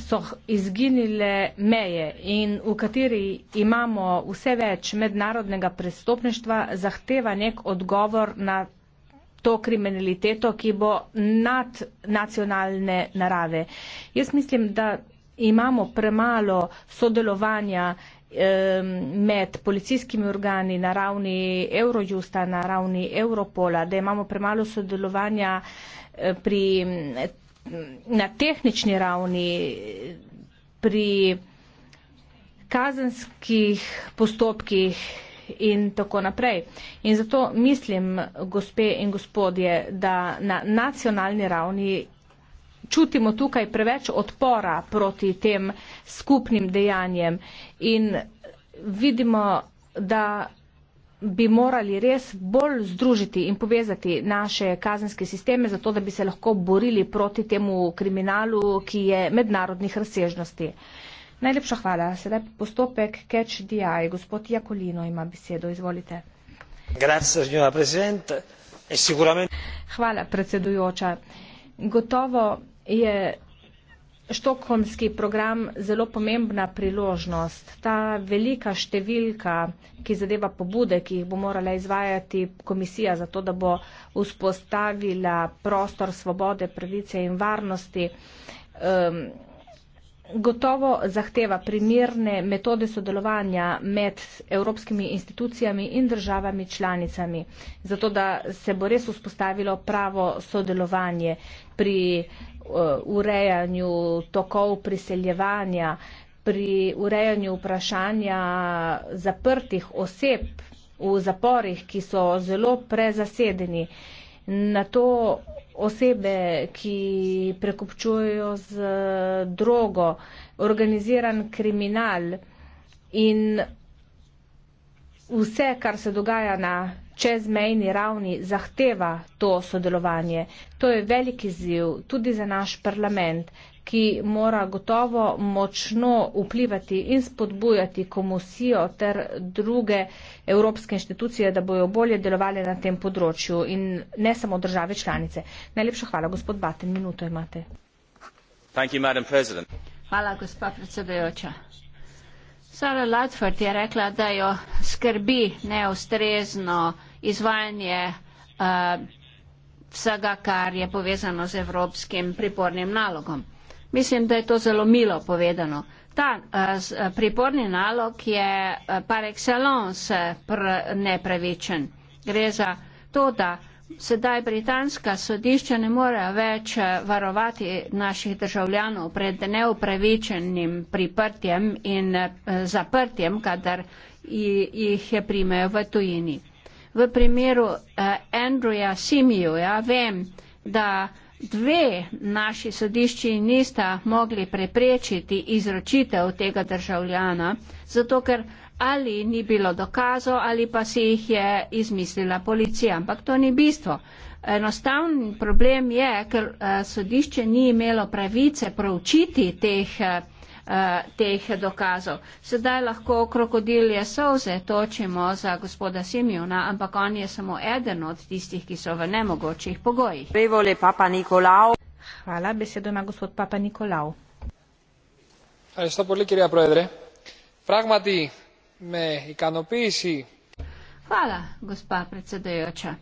so izginile meje in v kateri imamo vse več mednarodnega prestopništva, zahteva nek odgovor na to kriminaliteto, ki bo nad nacionalne narave. Jaz mislim, da imamo premalo sodelovanja med policijskimi organi na ravni Eurojusta, na ravni Europola, da imamo premalo sodelovanja eh, pri, na tehnični ravni, pri kazenskih postopkih, in tako naprej. In zato mislim, gospe in gospodje, da na nacionalni ravni čutimo tukaj preveč odpora proti tem skupnim dejanjem in vidimo, da bi morali res bolj združiti in povezati naše kazenske sisteme, zato da bi se lahko borili proti temu kriminalu, ki je mednarodnih razsežnosti. Najlepša hvala. Sedaj postopek Catch DI. Gospod Jakolino ima besedo. Izvolite. E hvala, predsedujoča. Gotovo je štokholmski program zelo pomembna priložnost. Ta velika številka, ki zadeva pobude, ki jih bo morala izvajati komisija za to, da bo vzpostavila prostor svobode, pravice in varnosti. Um, gotovo zahteva primerne metode sodelovanja med evropskimi institucijami in državami članicami, zato da se bo res vzpostavilo pravo sodelovanje pri uh, urejanju tokov priseljevanja, pri urejanju vprašanja zaprtih oseb v zaporih, ki so zelo prezasedeni. Na to osebe, ki prekupčujejo z eh, drogo, organiziran kriminal in vse, kar se dogaja na čezmejni ravni, zahteva to sodelovanje. To je veliki ziv tudi za naš parlament ki mora gotovo močno vplivati in spodbujati komisijo ter druge evropske inštitucije, da bojo bolje delovali na tem področju in ne samo države članice. Najlepša hvala, gospod Baten, minuto imate. Hvala, gospa predsedajoča. Sara Ludford je rekla, da jo skrbi neustrezno izvajanje uh, vsega, kar je povezano z evropskim pripornim nalogom. Mislim, da je to zelo milo povedano. Ta uh, priporni nalog je uh, par excellence pr nepravičen. Gre za to, da sedaj britanska sodišča ne morejo več varovati naših državljanov pred neupravičenim priprtjem in uh, zaprtjem, kadar jih je primejo v tujini. V primeru uh, Andrewja Simiju, ja vem, da dve naši sodišči nista mogli preprečiti izročitev tega državljana, zato ker ali ni bilo dokazov ali pa si jih je izmislila policija. Ampak to ni bistvo. Enostaven problem je, ker eh, sodišče ni imelo pravice proučiti teh eh, Eh, teh dokazov. Sedaj lahko krokodilje solze točimo za gospoda Simjona, ampak on je samo eden od tistih, ki so v nemogočih pogojih. Prevole Papa Nikolao. Hvala, besedo ima gospod Papa Nikolao. Hvala, gospa predsedajoča.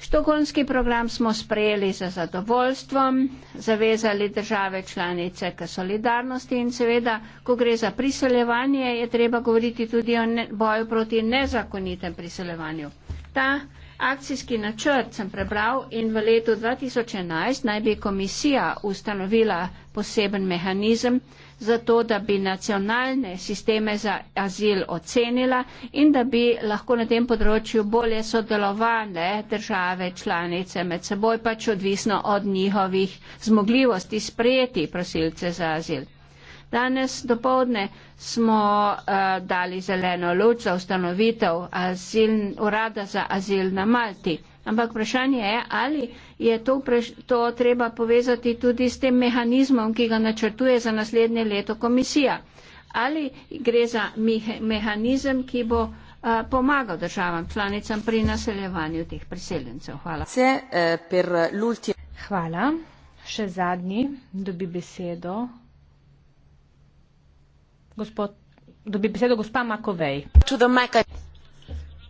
Štokholmski program smo sprejeli z zadovoljstvom, zavezali države članice k solidarnosti in seveda, ko gre za priseljevanje, je treba govoriti tudi o ne, boju proti nezakonitem priseljevanju. Ta akcijski načrt sem prebral in v letu 2011 naj bi komisija ustanovila poseben mehanizem, zato da bi nacionalne sisteme za azil ocenila in da bi lahko na tem področju bolje sodelovane države članice med seboj, pač odvisno od njihovih zmogljivosti sprejeti prosilce za azil. Danes dopovdne smo uh, dali zeleno luč za ustanovitev azil, urada za azil na Malti. Ampak vprašanje je, ali je to, to treba povezati tudi s tem mehanizmom, ki ga načrtuje za naslednje leto komisija. Ali gre za mehanizem, ki bo uh, pomagal državam članicam pri naseljevanju teh priseljencev. Hvala. E, Hvala. Še zadnji dobi besedo. Gospod, dobi besedo gospa Makovej.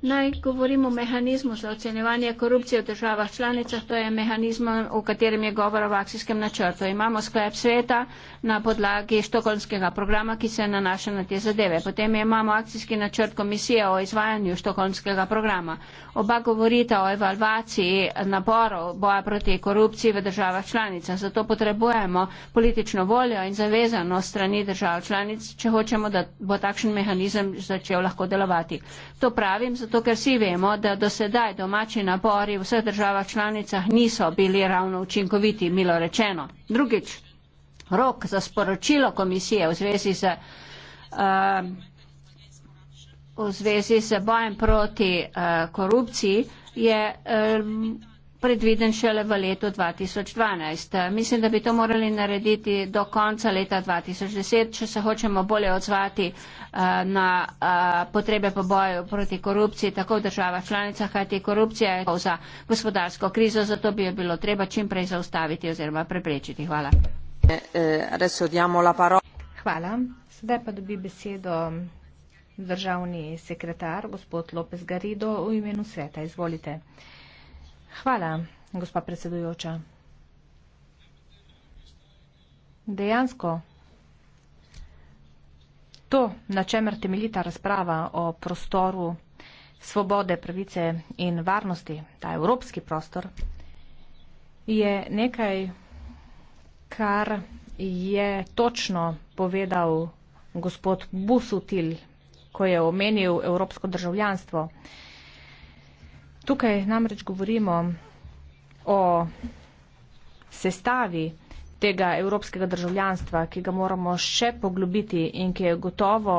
Naj govorim o mehanizmu za ocenjevanje korupcije v državah članicah, to je mehanizm, o katerem je govor v akcijskem načrtu. Imamo sklep sveta na podlagi štokholmskega programa, ki se nanaša na te zadeve. Potem imamo akcijski načrt komisije o izvajanju štokholmskega programa. Oba govorita o evalvaciji naporov boja proti korupciji v državah članicah. Zato potrebujemo politično voljo in zavezano strani držav članic, če hočemo, da bo takšen mehanizem začel lahko delovati. To pravim, zato ker vsi vemo, da do sedaj domači napori v vseh državah članicah niso bili ravno učinkoviti, milo rečeno. Drugič, rok za sporočilo komisije v zvezi z, uh, v zvezi z bojem proti uh, korupciji je. Um, predviden šele v letu 2012. Mislim, da bi to morali narediti do konca leta 2010, če se hočemo bolje odzvati eh, na eh, potrebe po boju proti korupciji, tako v državah članicah, kajti korupcija je za gospodarsko krizo, zato bi jo bilo treba čim prej zaustaviti oziroma preprečiti. Hvala. Eh, Hvala. Sedaj pa dobi besedo državni sekretar, gospod López Garido, v imenu sveta. Izvolite. Hvala, gospa predsedujoča. Dejansko to, na čemer temeljita razprava o prostoru svobode, pravice in varnosti, ta evropski prostor, je nekaj, kar je točno povedal gospod Busutil, ko je omenil evropsko državljanstvo. Tukaj namreč govorimo o sestavi tega evropskega državljanstva, ki ga moramo še poglobiti in ki je gotovo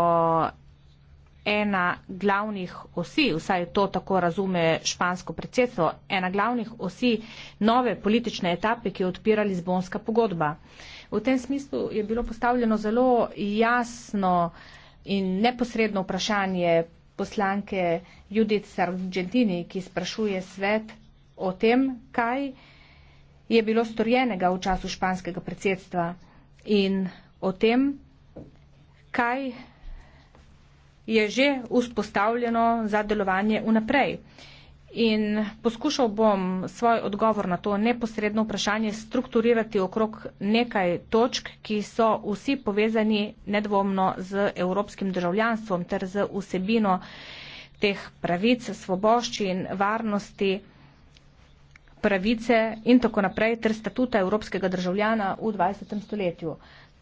ena glavnih osi, vsaj to tako razume špansko predsedstvo, ena glavnih osi nove politične etape, ki je odpira Lizbonska pogodba. V tem smislu je bilo postavljeno zelo jasno in neposredno vprašanje poslanke Judith Sargentini, ki sprašuje svet o tem, kaj je bilo storjenega v času španskega predsedstva in o tem, kaj je že vzpostavljeno za delovanje vnaprej. In poskušal bom svoj odgovor na to neposredno vprašanje strukturirati okrog nekaj točk, ki so vsi povezani nedvomno z evropskim državljanstvom ter z vsebino teh pravic, svoboščin, varnosti, pravice in tako naprej ter statuta evropskega državljana v 20. stoletju.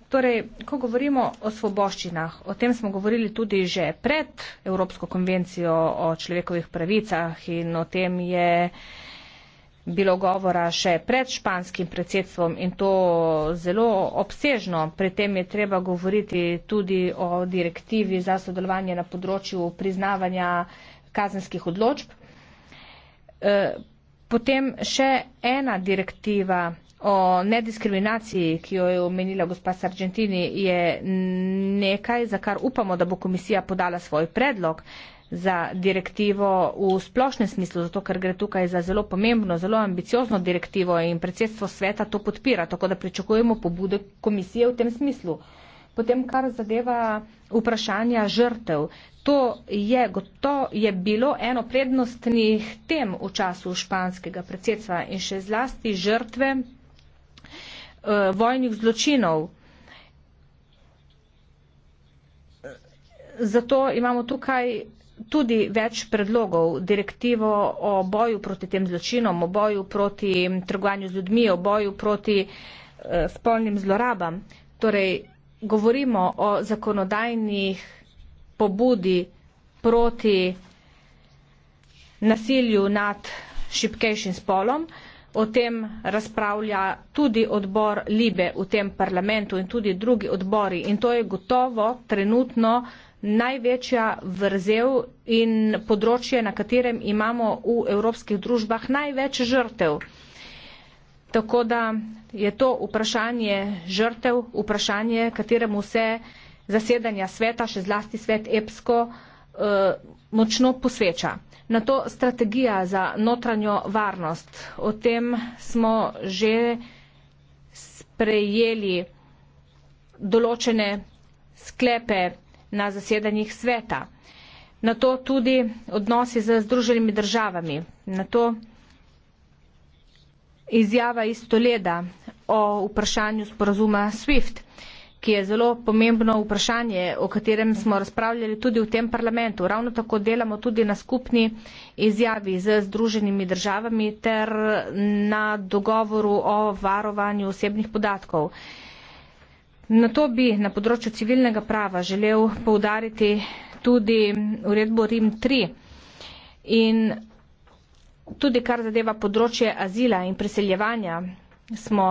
Torej, ko govorimo o svoboščinah, o tem smo govorili tudi že pred Evropsko konvencijo o človekovih pravicah in o tem je bilo govora še pred španskim predsedstvom in to zelo obsežno. Pri tem je treba govoriti tudi o direktivi za sodelovanje na področju priznavanja kazenskih odločb. Eh, potem še ena direktiva o nediskriminaciji, ki jo je omenila gospa Sargentini, je nekaj, za kar upamo, da bo komisija podala svoj predlog za direktivo v splošnem smislu, zato ker gre tukaj za zelo pomembno, zelo ambiciozno direktivo in predsedstvo sveta to podpira, tako da pričakujemo pobude komisije v tem smislu. Potem, kar zadeva vprašanja žrtev, to je, goto, je bilo eno prednostnih tem v času španskega predsedstva in še zlasti žrtve Eh, vojnih zločinov. Zato imamo tukaj tudi več predlogov, direktivo o boju proti tem zločinom, o boju proti mm, trgovanju z ljudmi, o boju proti eh, spolnim zlorabam. Torej, govorimo o zakonodajnih pobudi proti nasilju nad šipkejšim spolom o tem razpravlja tudi odbor Libe v tem parlamentu in tudi drugi odbori. In to je gotovo trenutno največja vrzel in področje, na katerem imamo v evropskih družbah največ žrtev. Tako da je to vprašanje žrtev, vprašanje, kateremu se zasedanja sveta, še zlasti svet EPSKO, eh, močno posveča. Na to strategija za notranjo varnost. O tem smo že sprejeli določene sklepe na zasedanjih sveta. Na to tudi odnosi z združenimi državami. Na to izjava iz Toleda o vprašanju sporazuma SWIFT ki je zelo pomembno vprašanje, o katerem smo razpravljali tudi v tem parlamentu. Ravno tako delamo tudi na skupni izjavi z Združenimi državami ter na dogovoru o varovanju osebnih podatkov. Na to bi na področju civilnega prava želel poudariti tudi uredbo RIM 3 in tudi kar zadeva področje azila in priseljevanja smo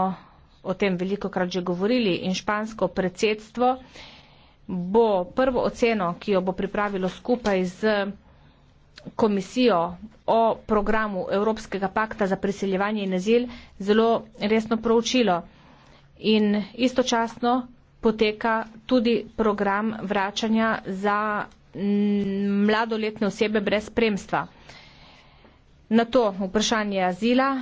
o tem veliko krat že govorili, in špansko predsedstvo bo prvo oceno, ki jo bo pripravilo skupaj z komisijo o programu Evropskega pakta za priseljevanje in azil, zelo resno proučilo. In istočasno poteka tudi program vračanja za mladoletne osebe brez spremstva. Na to vprašanje azila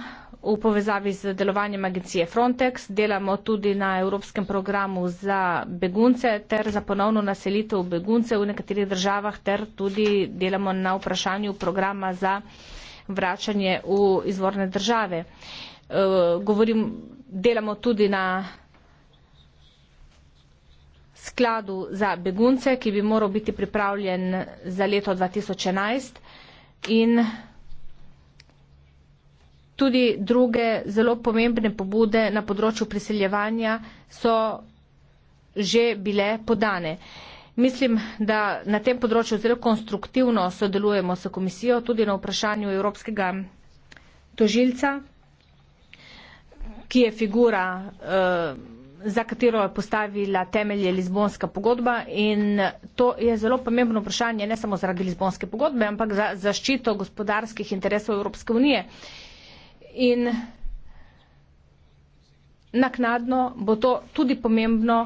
v povezavi z delovanjem agencije Frontex, delamo tudi na evropskem programu za begunce ter za ponovno naselitev beguncev v nekaterih državah ter tudi delamo na vprašanju programa za vračanje v izvorne države. Eh, govorim, delamo tudi na skladu za begunce, ki bi moral biti pripravljen za leto 2011 in Tudi druge zelo pomembne pobude na področju priseljevanja so že bile podane. Mislim, da na tem področju zelo konstruktivno sodelujemo s komisijo, tudi na vprašanju evropskega tožilca, ki je figura, eh, za katero je postavila temelje Lizbonska pogodba. In to je zelo pomembno vprašanje, ne samo zaradi Lizbonske pogodbe, ampak za zaščito gospodarskih interesov Evropske unije in naknadno bo to tudi pomembno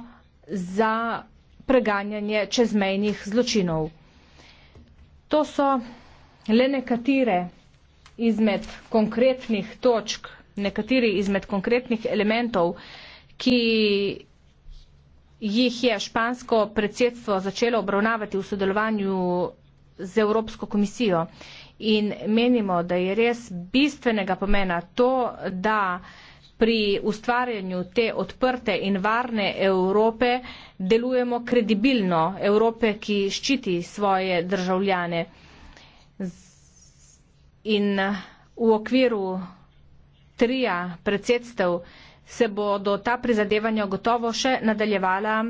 za preganjanje čezmejnih zločinov. To so le nekatere izmed konkretnih točk, nekateri izmed konkretnih elementov, ki jih je špansko predsedstvo začelo obravnavati v sodelovanju z Evropsko komisijo in menimo, da je res bistvenega pomena to, da pri ustvarjanju te odprte in varne Evrope delujemo kredibilno, Evrope, ki ščiti svoje državljane. In v okviru trija predsedstev se bodo ta prizadevanja gotovo še nadaljevala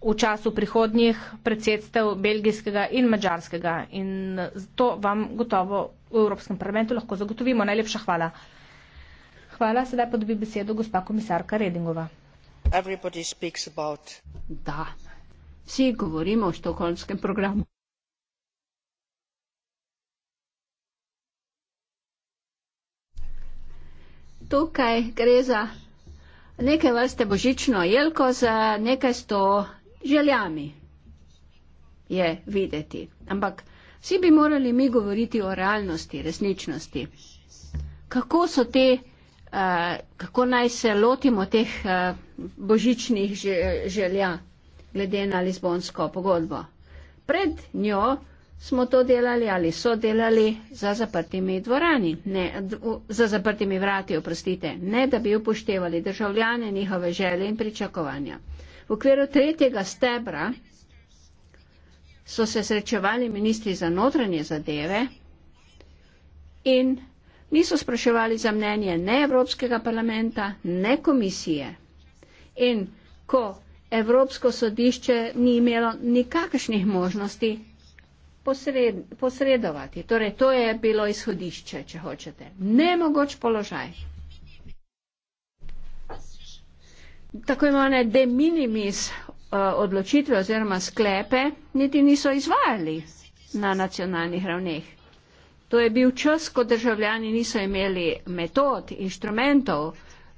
v času prihodnjih predsedstev belgijskega in mađarskega. In to vam gotovo v Evropskem parlamentu lahko zagotovimo. Najlepša hvala. Hvala, sedaj pa dobi besedo gospa komisarka Redingova. About... Da, vsi govorimo o štokholmskem programu. Tukaj gre za neke vrste božično jelko za nekaj sto željami je videti. Ampak vsi bi morali mi govoriti o realnosti, resničnosti. Kako so te, uh, kako naj se lotimo teh uh, božičnih želja, glede na Lizbonsko pogodbo. Pred njo smo to delali ali so delali za zaprtimi dvorani, ne, za zaprtimi vrati, oprostite, ne da bi upoštevali državljane, njihove želje in pričakovanja. V okviru tretjega stebra so se srečevali ministri za notranje zadeve in niso spraševali za mnenje ne Evropskega parlamenta, ne komisije. In ko Evropsko sodišče ni imelo nikakršnih možnosti posred, posredovati, torej to je bilo izhodišče, če hočete, nemogoč položaj. tako imenovane de minimis eh, odločitve oziroma sklepe niti niso izvajali na nacionalnih ravneh. To je bil čas, ko državljani niso imeli metod, inštrumentov,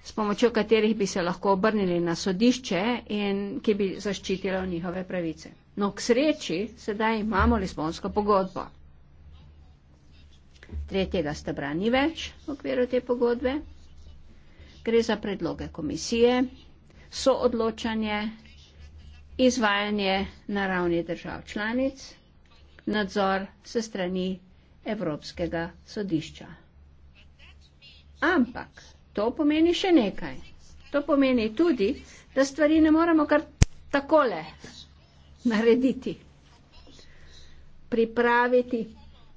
s pomočjo katerih bi se lahko obrnili na sodišče in ki bi zaščitilo njihove pravice. No, k sreči sedaj imamo Lisbonsko pogodbo. Tretjega stebra ni več v okviru te pogodbe. Gre za predloge komisije, soodločanje, izvajanje na ravni držav članic, nadzor se strani Evropskega sodišča. Ampak to pomeni še nekaj. To pomeni tudi, da stvari ne moremo kar takole narediti, pripraviti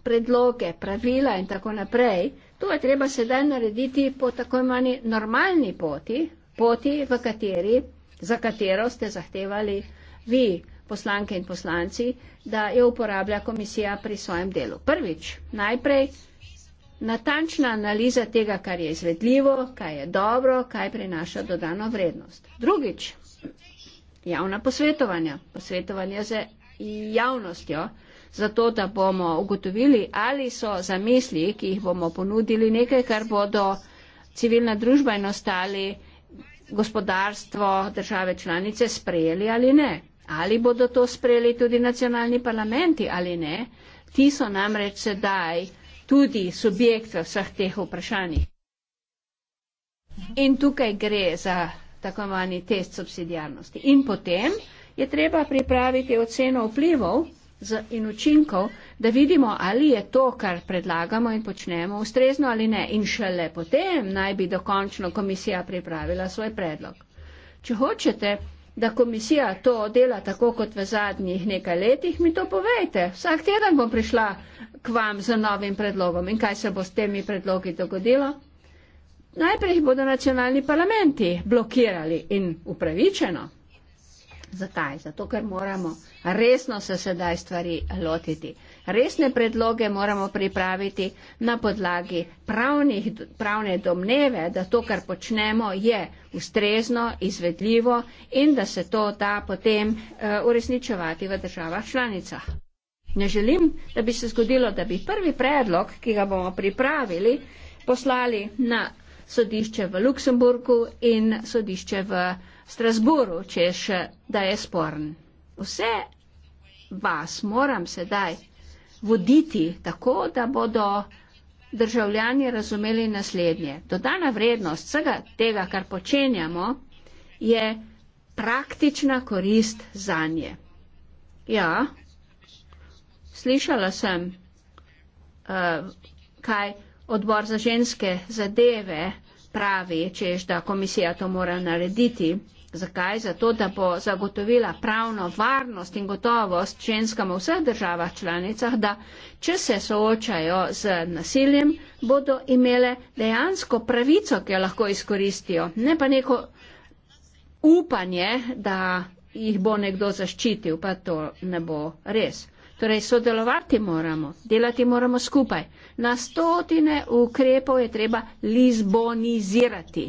predloge, pravila in tako naprej. To je treba sedaj narediti po tako imenovani normalni poti, poti, v kateri, za katero ste zahtevali vi, poslanke in poslanci, da jo uporablja komisija pri svojem delu. Prvič, najprej natančna analiza tega, kar je izvedljivo, kaj je dobro, kaj prinaša dodano vrednost. Drugič, javna posvetovanja, posvetovanja z javnostjo, zato da bomo ugotovili, ali so zamisli, ki jih bomo ponudili, nekaj, kar bodo civilna družba in ostali gospodarstvo države članice sprejeli ali ne. Ali bodo to sprejeli tudi nacionalni parlamenti ali ne. Ti so namreč sedaj tudi subjekt v vseh teh vprašanjih. In tukaj gre za tako imenovani test subsidijarnosti. In potem je treba pripraviti oceno vplivov in učinkov, da vidimo, ali je to, kar predlagamo in počnemo, ustrezno ali ne. In šele potem naj bi dokončno komisija pripravila svoj predlog. Če hočete, da komisija to dela tako kot v zadnjih nekaj letih, mi to povejte. Vsak teden bom prišla k vam z novim predlogom in kaj se bo s temi predlogi dogodilo. Najprej jih bodo nacionalni parlamenti blokirali in upravičeno. Zakaj? Zato, ker moramo resno se sedaj stvari lotiti. Resne predloge moramo pripraviti na podlagi pravnih, pravne domneve, da to, kar počnemo, je ustrezno, izvedljivo in da se to da potem uh, uresničevati v državah članicah. Ne želim, da bi se zgodilo, da bi prvi predlog, ki ga bomo pripravili, poslali na sodišče v Luksemburgu in sodišče v. Uh, Strasburu, češ, da je sporen. Vse vas moram sedaj voditi tako, da bodo državljani razumeli naslednje. Dodana vrednost vsega tega, kar počenjamo, je praktična korist za nje. Ja, slišala sem, uh, kaj odbor za ženske zadeve uh, pravi, čež da komisija to mora narediti. Zakaj? Zato, da bo zagotovila pravno varnost in gotovost ženskam v vseh državah članicah, da če se soočajo z nasiljem, bodo imele dejansko pravico, ki jo lahko izkoristijo, ne pa neko upanje, da jih bo nekdo zaščitil, pa to ne bo res. Torej, sodelovati moramo, delati moramo skupaj. Na stotine ukrepov je treba lizbonizirati.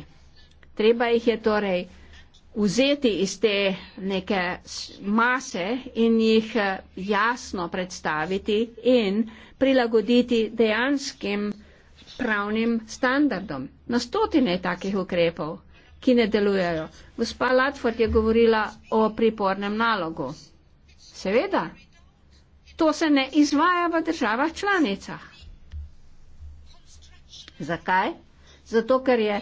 Treba jih je torej vzeti iz te neke mase in jih eh, jasno predstaviti in prilagoditi dejanskim pravnim standardom. Na stotine takih ukrepov, ki ne delujejo. Gospa Latford je govorila o pripornem nalogu. Seveda, To se ne izvaja v državah članicah. Zakaj? Zato, ker je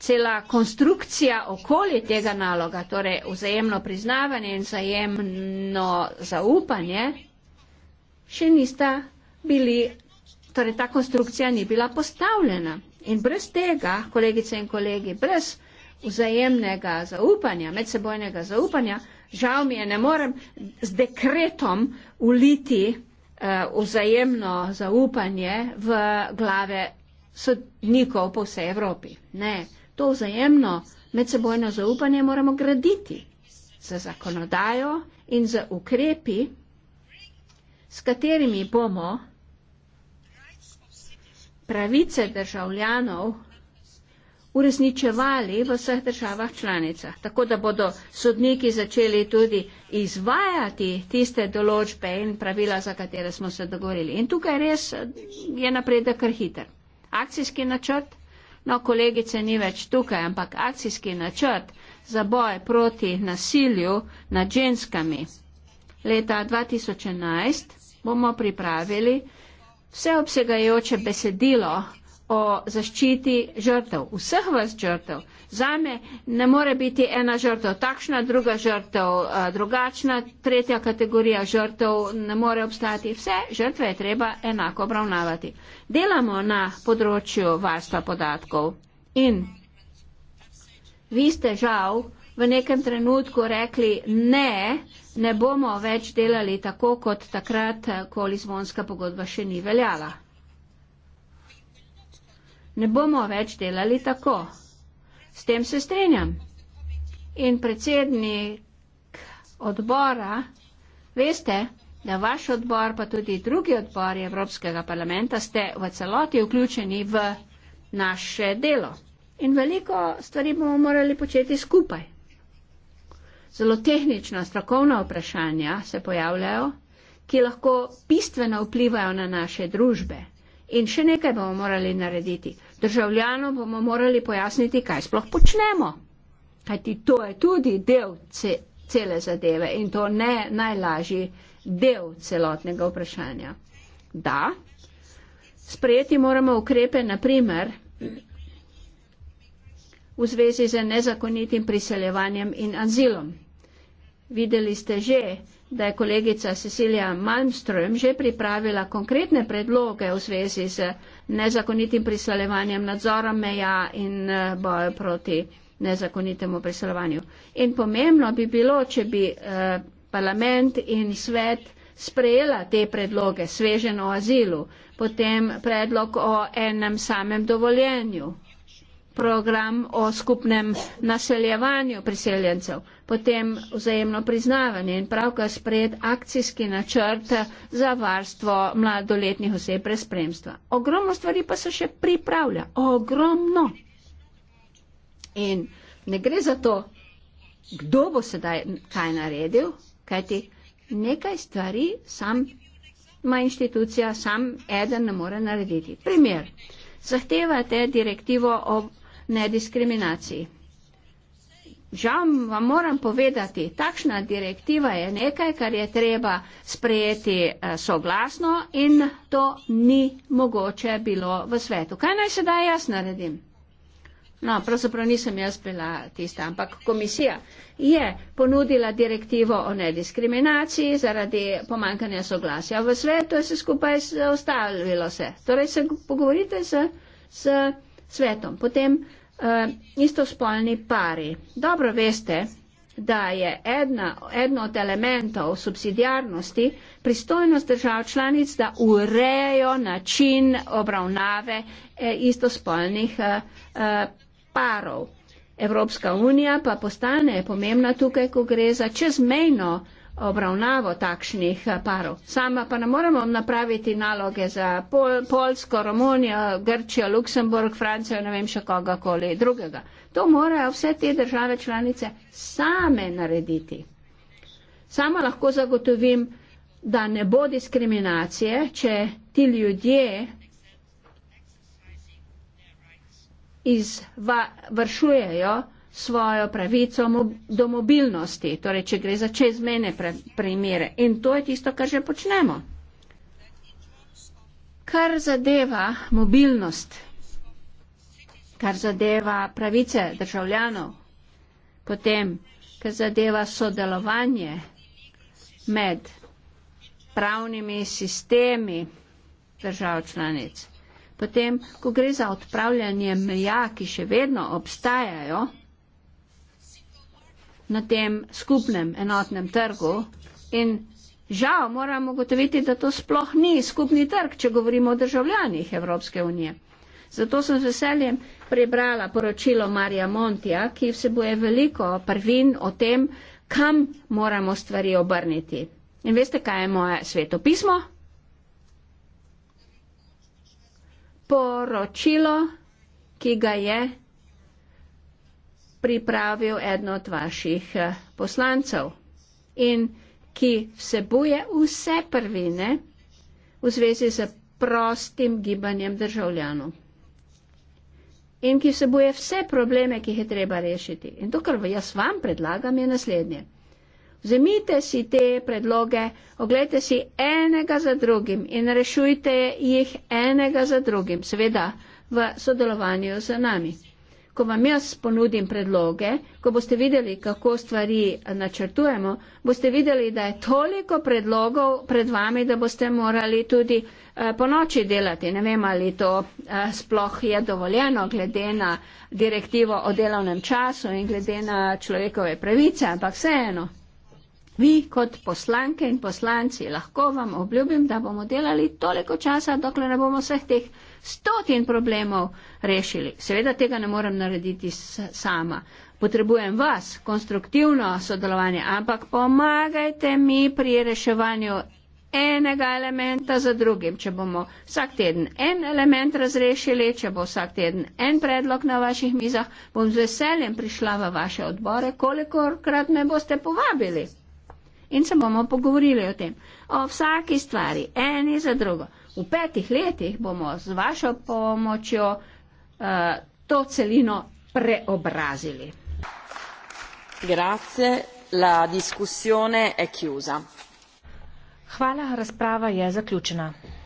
cela konstrukcija okoli tega naloga, torej vzajemno priznavanje in vzajemno zaupanje, še nista bili, torej ta konstrukcija ni bila postavljena. In brez tega, kolegice in kolegi, brez vzajemnega zaupanja, medsebojnega zaupanja, žal mi je, ne morem z dekretom uliti eh, vzajemno zaupanje v glave sodnikov po vsej Evropi. Ne, to vzajemno medsebojno zaupanje moramo graditi z zakonodajo in z ukrepi, s katerimi bomo pravice državljanov uresničevali v vseh državah članicah, tako da bodo sodniki začeli tudi izvajati tiste določbe in pravila, za katere smo se dogovorili. In tukaj res eh, je napredek kar hiter. Akcijski načrt, no kolegice ni več tukaj, ampak akcijski načrt za boj proti nasilju nad ženskami. Leta 2011 bomo pripravili vseobsegajoče besedilo o zaščiti žrtev, vseh vrst žrtev. Zame ne more biti ena žrtev takšna, druga žrtev drugačna, tretja kategorija žrtev ne more obstati. Vse žrtve je treba enako obravnavati. Delamo na področju varstva podatkov in vi ste žal v nekem trenutku rekli ne, ne bomo več delali tako kot takrat, ko Lizbonska pogodba še ni veljala ne bomo več delali tako. S tem se strinjam. In predsednik odbora, veste, da vaš odbor, pa tudi drugi odbori Evropskega parlamenta ste v celoti vključeni v naše delo. In veliko stvari bomo morali početi skupaj. Zelo tehnična, strokovna vprašanja se pojavljajo, ki lahko bistveno vplivajo na naše družbe. In še nekaj bomo morali narediti državljanom bomo morali pojasniti, kaj sploh počnemo. Kajti to je tudi del ce, cele zadeve in to ne najlažji del celotnega vprašanja. Da, sprejeti moramo ukrepe, naprimer, v zvezi z nezakonitim priseljevanjem in azilom. Videli ste že, da je kolegica Cecilija Malmström že pripravila konkretne predloge v zvezi z nezakonitim priseljevanjem nadzora meja in eh, boju proti nezakonitemu priseljevanju. In pomembno bi bilo, če bi eh, parlament in svet sprejela te predloge, sveženo o azilu, potem predlog o enem samem dovoljenju program o skupnem naseljevanju priseljencev, potem vzajemno priznavanje in pravkar sprejet akcijski načrt za varstvo mladoletnih oseb brez spremstva. Ogromno stvari pa se še pripravlja, ogromno. In ne gre za to, kdo bo sedaj kaj naredil, kajti nekaj stvari sam ima inštitucija, sam eden ne more narediti. Primer. Zahtevate direktivo o nediskriminaciji. Žal vam moram povedati, takšna direktiva je nekaj, kar je treba sprejeti eh, soglasno in to ni mogoče bilo v svetu. Kaj naj sedaj jaz naredim? No, pravzaprav nisem jaz bila tista, ampak komisija je ponudila direktivo o nediskriminaciji zaradi pomankanja soglasja. V svetu je se skupaj ostavilo vse. Torej se pogovorite s svetom. Potem uh, istospolni pari. Dobro veste, da je ena, eno od elementov subsidiarnosti pristojnost držav članic, da urejo način obravnave uh, istospolnih uh, parov. Evropska unija pa postane pomembna tukaj, ko gre za čezmejno uh, obravnavo takšnih parov. Sama pa ne moremo napraviti naloge za Pol, Polsko, Romunijo, Grčijo, Luksemburg, Francijo, ne vem še kogakoli drugega. To morajo vse te države članice same narediti. Sama lahko zagotovim, da ne bo diskriminacije, če ti ljudje izvršujejo izva, svojo pravico do mobilnosti, torej če gre za čezmene primere. In to je tisto, kar že počnemo. Kar zadeva mobilnost, kar zadeva pravice državljanov, potem, kar zadeva sodelovanje med pravnimi sistemi držav članic, potem, ko gre za odpravljanje meja, ki še vedno obstajajo, na tem skupnem enotnem trgu in žal moramo ugotoviti, da to sploh ni skupni trg, če govorimo o državljanih Evropske unije. Zato sem z veseljem prebrala poročilo Marija Montija, ki vsebuje veliko prvin o tem, kam moramo stvari obrniti. In veste, kaj je moje svetopismo? Poročilo, ki ga je pripravil eden od vaših eh, poslancev in ki vsebuje vse prvine v zvezi z prostim gibanjem državljanov in ki vsebuje vse probleme, ki jih je treba rešiti. In to, kar jaz vam predlagam, je naslednje. Vzemite si te predloge, oglejte si enega za drugim in rešujte jih enega za drugim, seveda v sodelovanju z nami ko vam jaz ponudim predloge, ko boste videli, kako stvari načrtujemo, boste videli, da je toliko predlogov pred vami, da boste morali tudi eh, po noči delati. Ne vem, ali to eh, sploh je dovoljeno glede na direktivo o delovnem času in glede na človekove pravice, ampak vseeno. Vi kot poslanke in poslanci lahko vam obljubim, da bomo delali toliko časa, dokler ne bomo vseh teh stotin problemov rešili. Seveda tega ne morem narediti sama. Potrebujem vas, konstruktivno sodelovanje, ampak pomagajte mi pri reševanju enega elementa za drugim. Če bomo vsak teden en element razrešili, če bo vsak teden en predlog na vaših mizah, bom z veseljem prišla v vaše odbore, kolikorkrat me boste povabili. In se bomo pogovorili o tem. O vsaki stvari, eni za drugo. V petih letih bomo z vašo pomočjo uh, to celino preobrazili. Grazie, la discussione è chiusa. Hvala, razprava je zaključena.